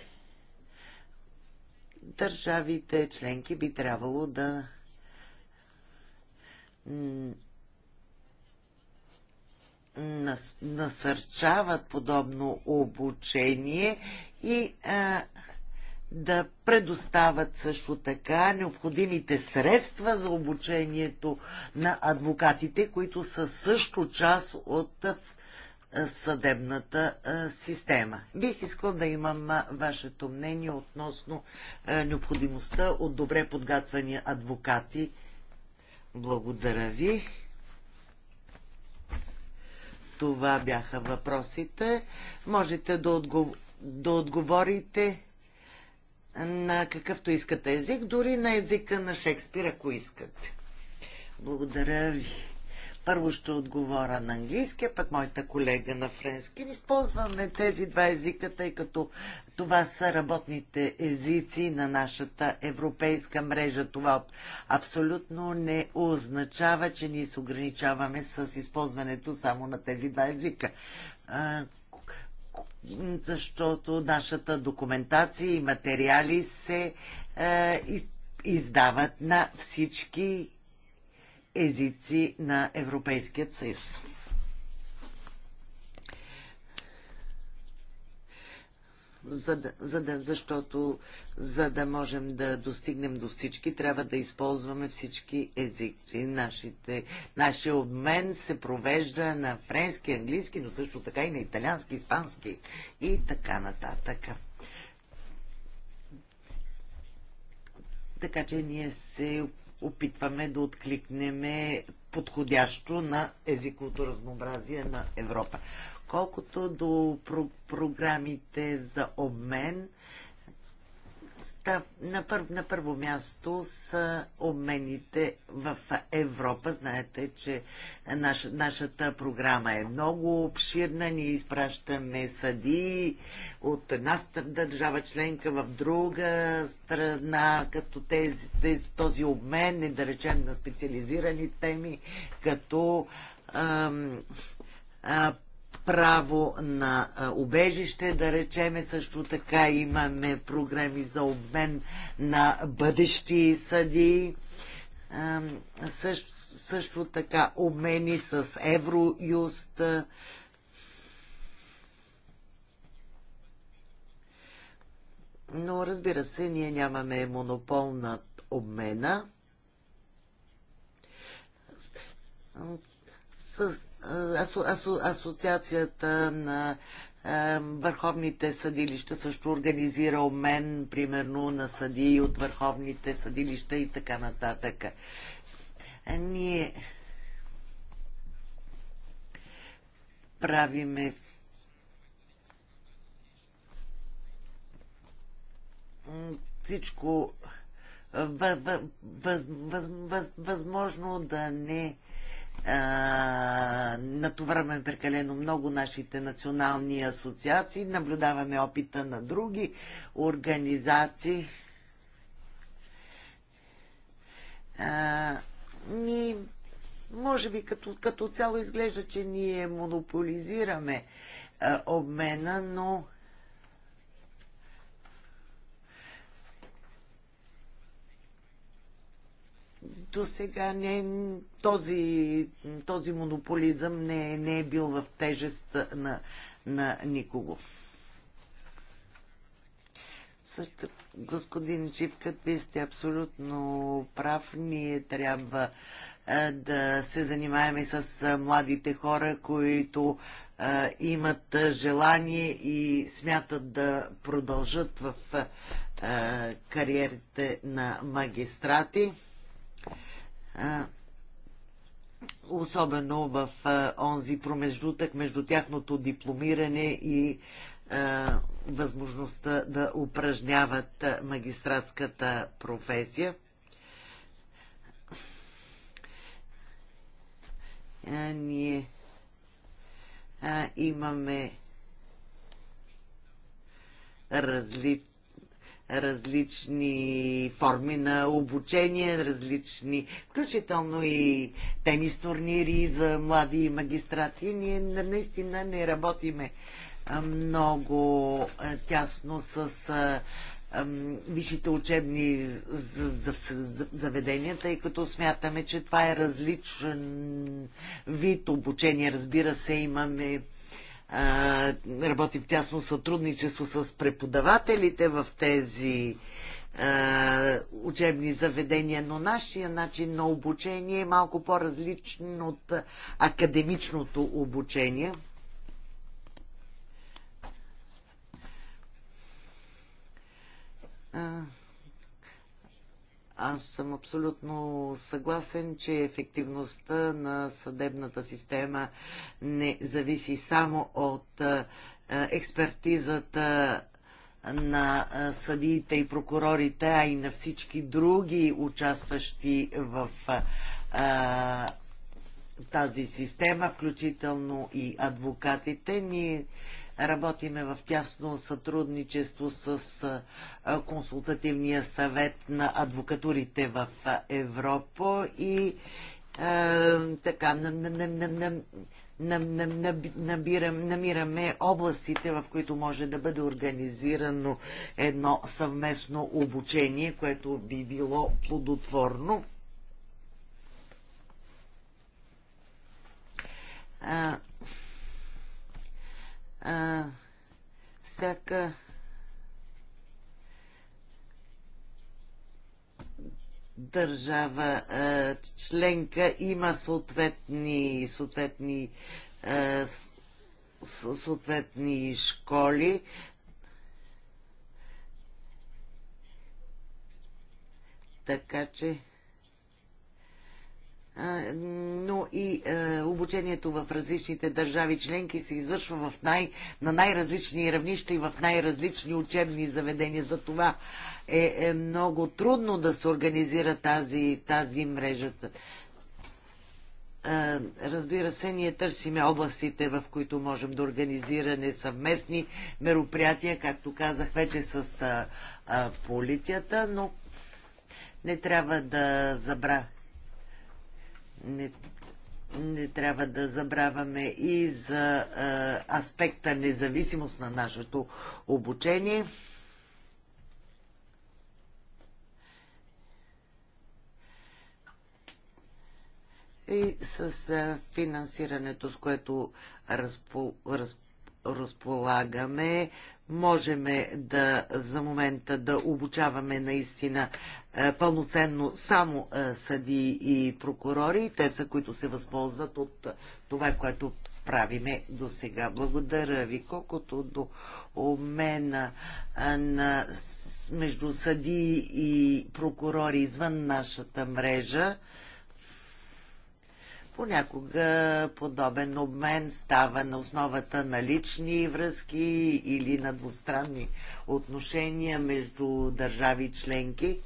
държавите членки би трябвало да насърчават подобно обучение и а, да предоставят също така необходимите средства за обучението на адвокатите, които са също част от съдебната система. Бих искал да имам вашето мнение относно необходимостта от добре подготвени адвокати. Благодаря ви това бяха въпросите. Можете да, отгов... да отговорите на какъвто искате език, дори на езика на Шекспир, ако искате. Благодаря ви. Първо ще отговоря на английски, пък моята колега на френски. Използваме тези два езика, тъй като това са работните езици на нашата европейска мрежа. Това абсолютно не означава, че ние се ограничаваме с използването само на тези два езика защото нашата документация и материали се е, издават на всички езици на Европейският съюз. за да, за да, защото за да можем да достигнем до всички, трябва да използваме всички езици. Нашите, нашия обмен се провежда на френски, английски, но също така и на италиански, испански и така нататък. Така че ние се опитваме да откликнем подходящо на езиковото разнообразие на Европа. Колкото до про- програмите за обмен, Та, на, пър, на първо място са обмените в Европа. Знаете, че наш, нашата програма е много обширна. Ние изпращаме съди от една държава членка в друга страна, като тези, тези, този обмен е, да речем, на специализирани теми, като ам, а, право на убежище, да речеме също така имаме програми за обмен на бъдещи съдии, също, също така обмени с Евроюст, но разбира се, ние нямаме монопол над обмена. С, с асо, асо, асоциацията на е, върховните съдилища също организира обмен, примерно, на съдии от върховните съдилища и така нататък. Ние правиме всичко възможно да не натоварваме прекалено много нашите национални асоциации, наблюдаваме опита на други организации. А, ми, може би като, като цяло изглежда, че ние монополизираме а, обмена, но до сега не, този, този монополизъм не, не е бил в тежест на, на никого. Също, господин Чивкът, вие сте абсолютно прав. Ние трябва да се занимаваме с младите хора, които имат желание и смятат да продължат в кариерите на магистрати особено в онзи промеждутък между тяхното дипломиране и възможността да упражняват магистратската професия. ние а, имаме разлит различни форми на обучение, различни, включително и тенис турнири за млади магистрати. Ние наистина не работиме много тясно с висшите учебни заведения, тъй като смятаме, че това е различен вид обучение. Разбира се, имаме работи в тясно сътрудничество с преподавателите в тези учебни заведения, но нашия начин на обучение е малко по-различен от академичното обучение – Аз съм абсолютно съгласен, че ефективността на съдебната система не зависи само от експертизата на съдиите и прокурорите, а и на всички други участващи в а, тази система, включително и адвокатите. Ние Работиме в тясно сътрудничество с консултативния съвет на адвокатурите в Европа и така, намираме областите, в които може да бъде организирано едно съвместно обучение, което би било плодотворно а, всяка държава а, членка има съответни, съответни, а, съответни школи. Така че но и е, обучението в различните държави членки се извършва в най, на най-различни равнища и в най-различни учебни заведения. За това е, е много трудно да се организира тази, тази мрежа. Е, разбира се, ние търсиме областите, в които можем да организираме съвместни мероприятия, както казах вече с а, е, а, полицията, но не трябва да забравя не, не трябва да забравяме и за а, аспекта независимост на нашето обучение. И с а, финансирането, с което разпо, раз, разполагаме, можем да за момента да обучаваме наистина е, пълноценно само е, съди и прокурори. Те са, които се възползват от е, това, което правиме до сега. Благодаря ви. Колкото до обмена на, между съди и прокурори извън нашата мрежа, Понякога подобен обмен става на основата на лични връзки или на двустранни отношения между държави членки.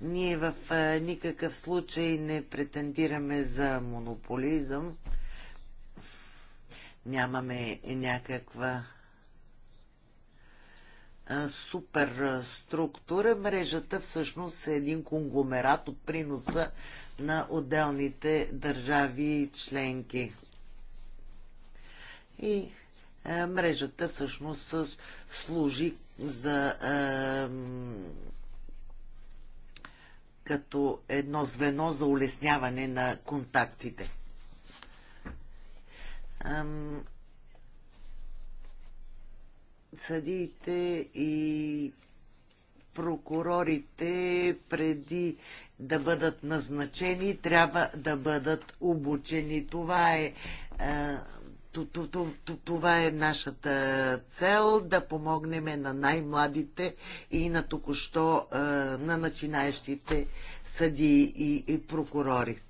Ние в е, никакъв случай не претендираме за монополизъм. Нямаме някаква суперструктура. Мрежата всъщност е един конгломерат от приноса на отделните държави и членки. И мрежата всъщност служи за като едно звено за улесняване на контактите съдиите и прокурорите преди да бъдат назначени трябва да бъдат обучени. Това е, е това е нашата цел да помогнем на най-младите и на току-що е, на начинаещите съдии и прокурори.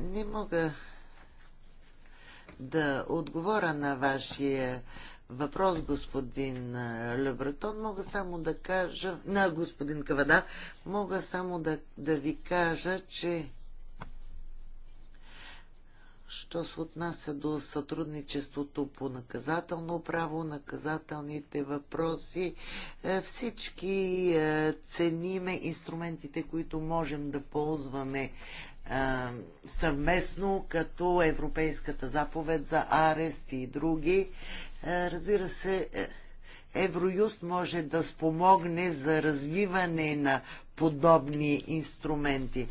Не мога да отговоря на вашия въпрос, господин Лебретон, мога само да кажа, на господин Кавада, мога само да, да ви кажа, че що се отнася до сътрудничеството по наказателно право, наказателните въпроси, е, всички е, цениме инструментите, които можем да ползваме съвместно, като Европейската заповед за арест и други. Разбира се, е, Евроюст може да спомогне за развиване на подобни инструменти.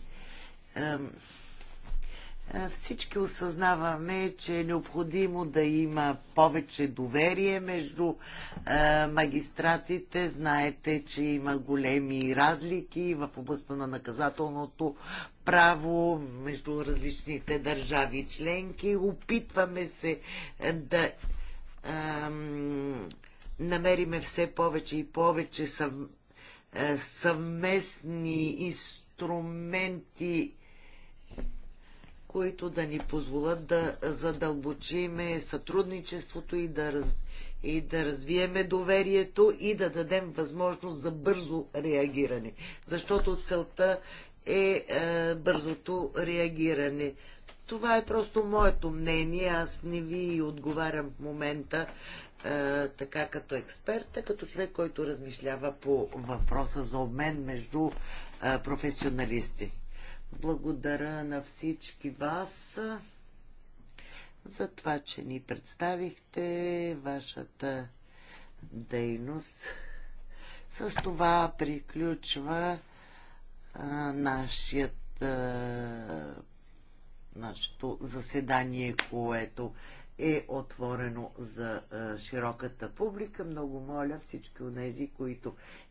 Е, всички осъзнаваме, че е необходимо да има повече доверие между е, магистратите. Знаете, че има големи разлики в областта на наказателното право между различните държави и членки. Опитваме се е, да намериме все повече и повече съвместни инструменти които да ни позволят да задълбочиме сътрудничеството и да, раз... и да развиеме доверието и да дадем възможност за бързо реагиране. Защото целта е, е бързото реагиране. Това е просто моето мнение. Аз не ви отговарям в момента е, така като експерт, а като човек, който размишлява по въпроса за обмен между е, професионалисти. Благодаря на всички вас за това, че ни представихте вашата дейност. С това приключва а, нашият, а, нашето заседание, което е отворено за а, широката публика. Много моля всички от тези, които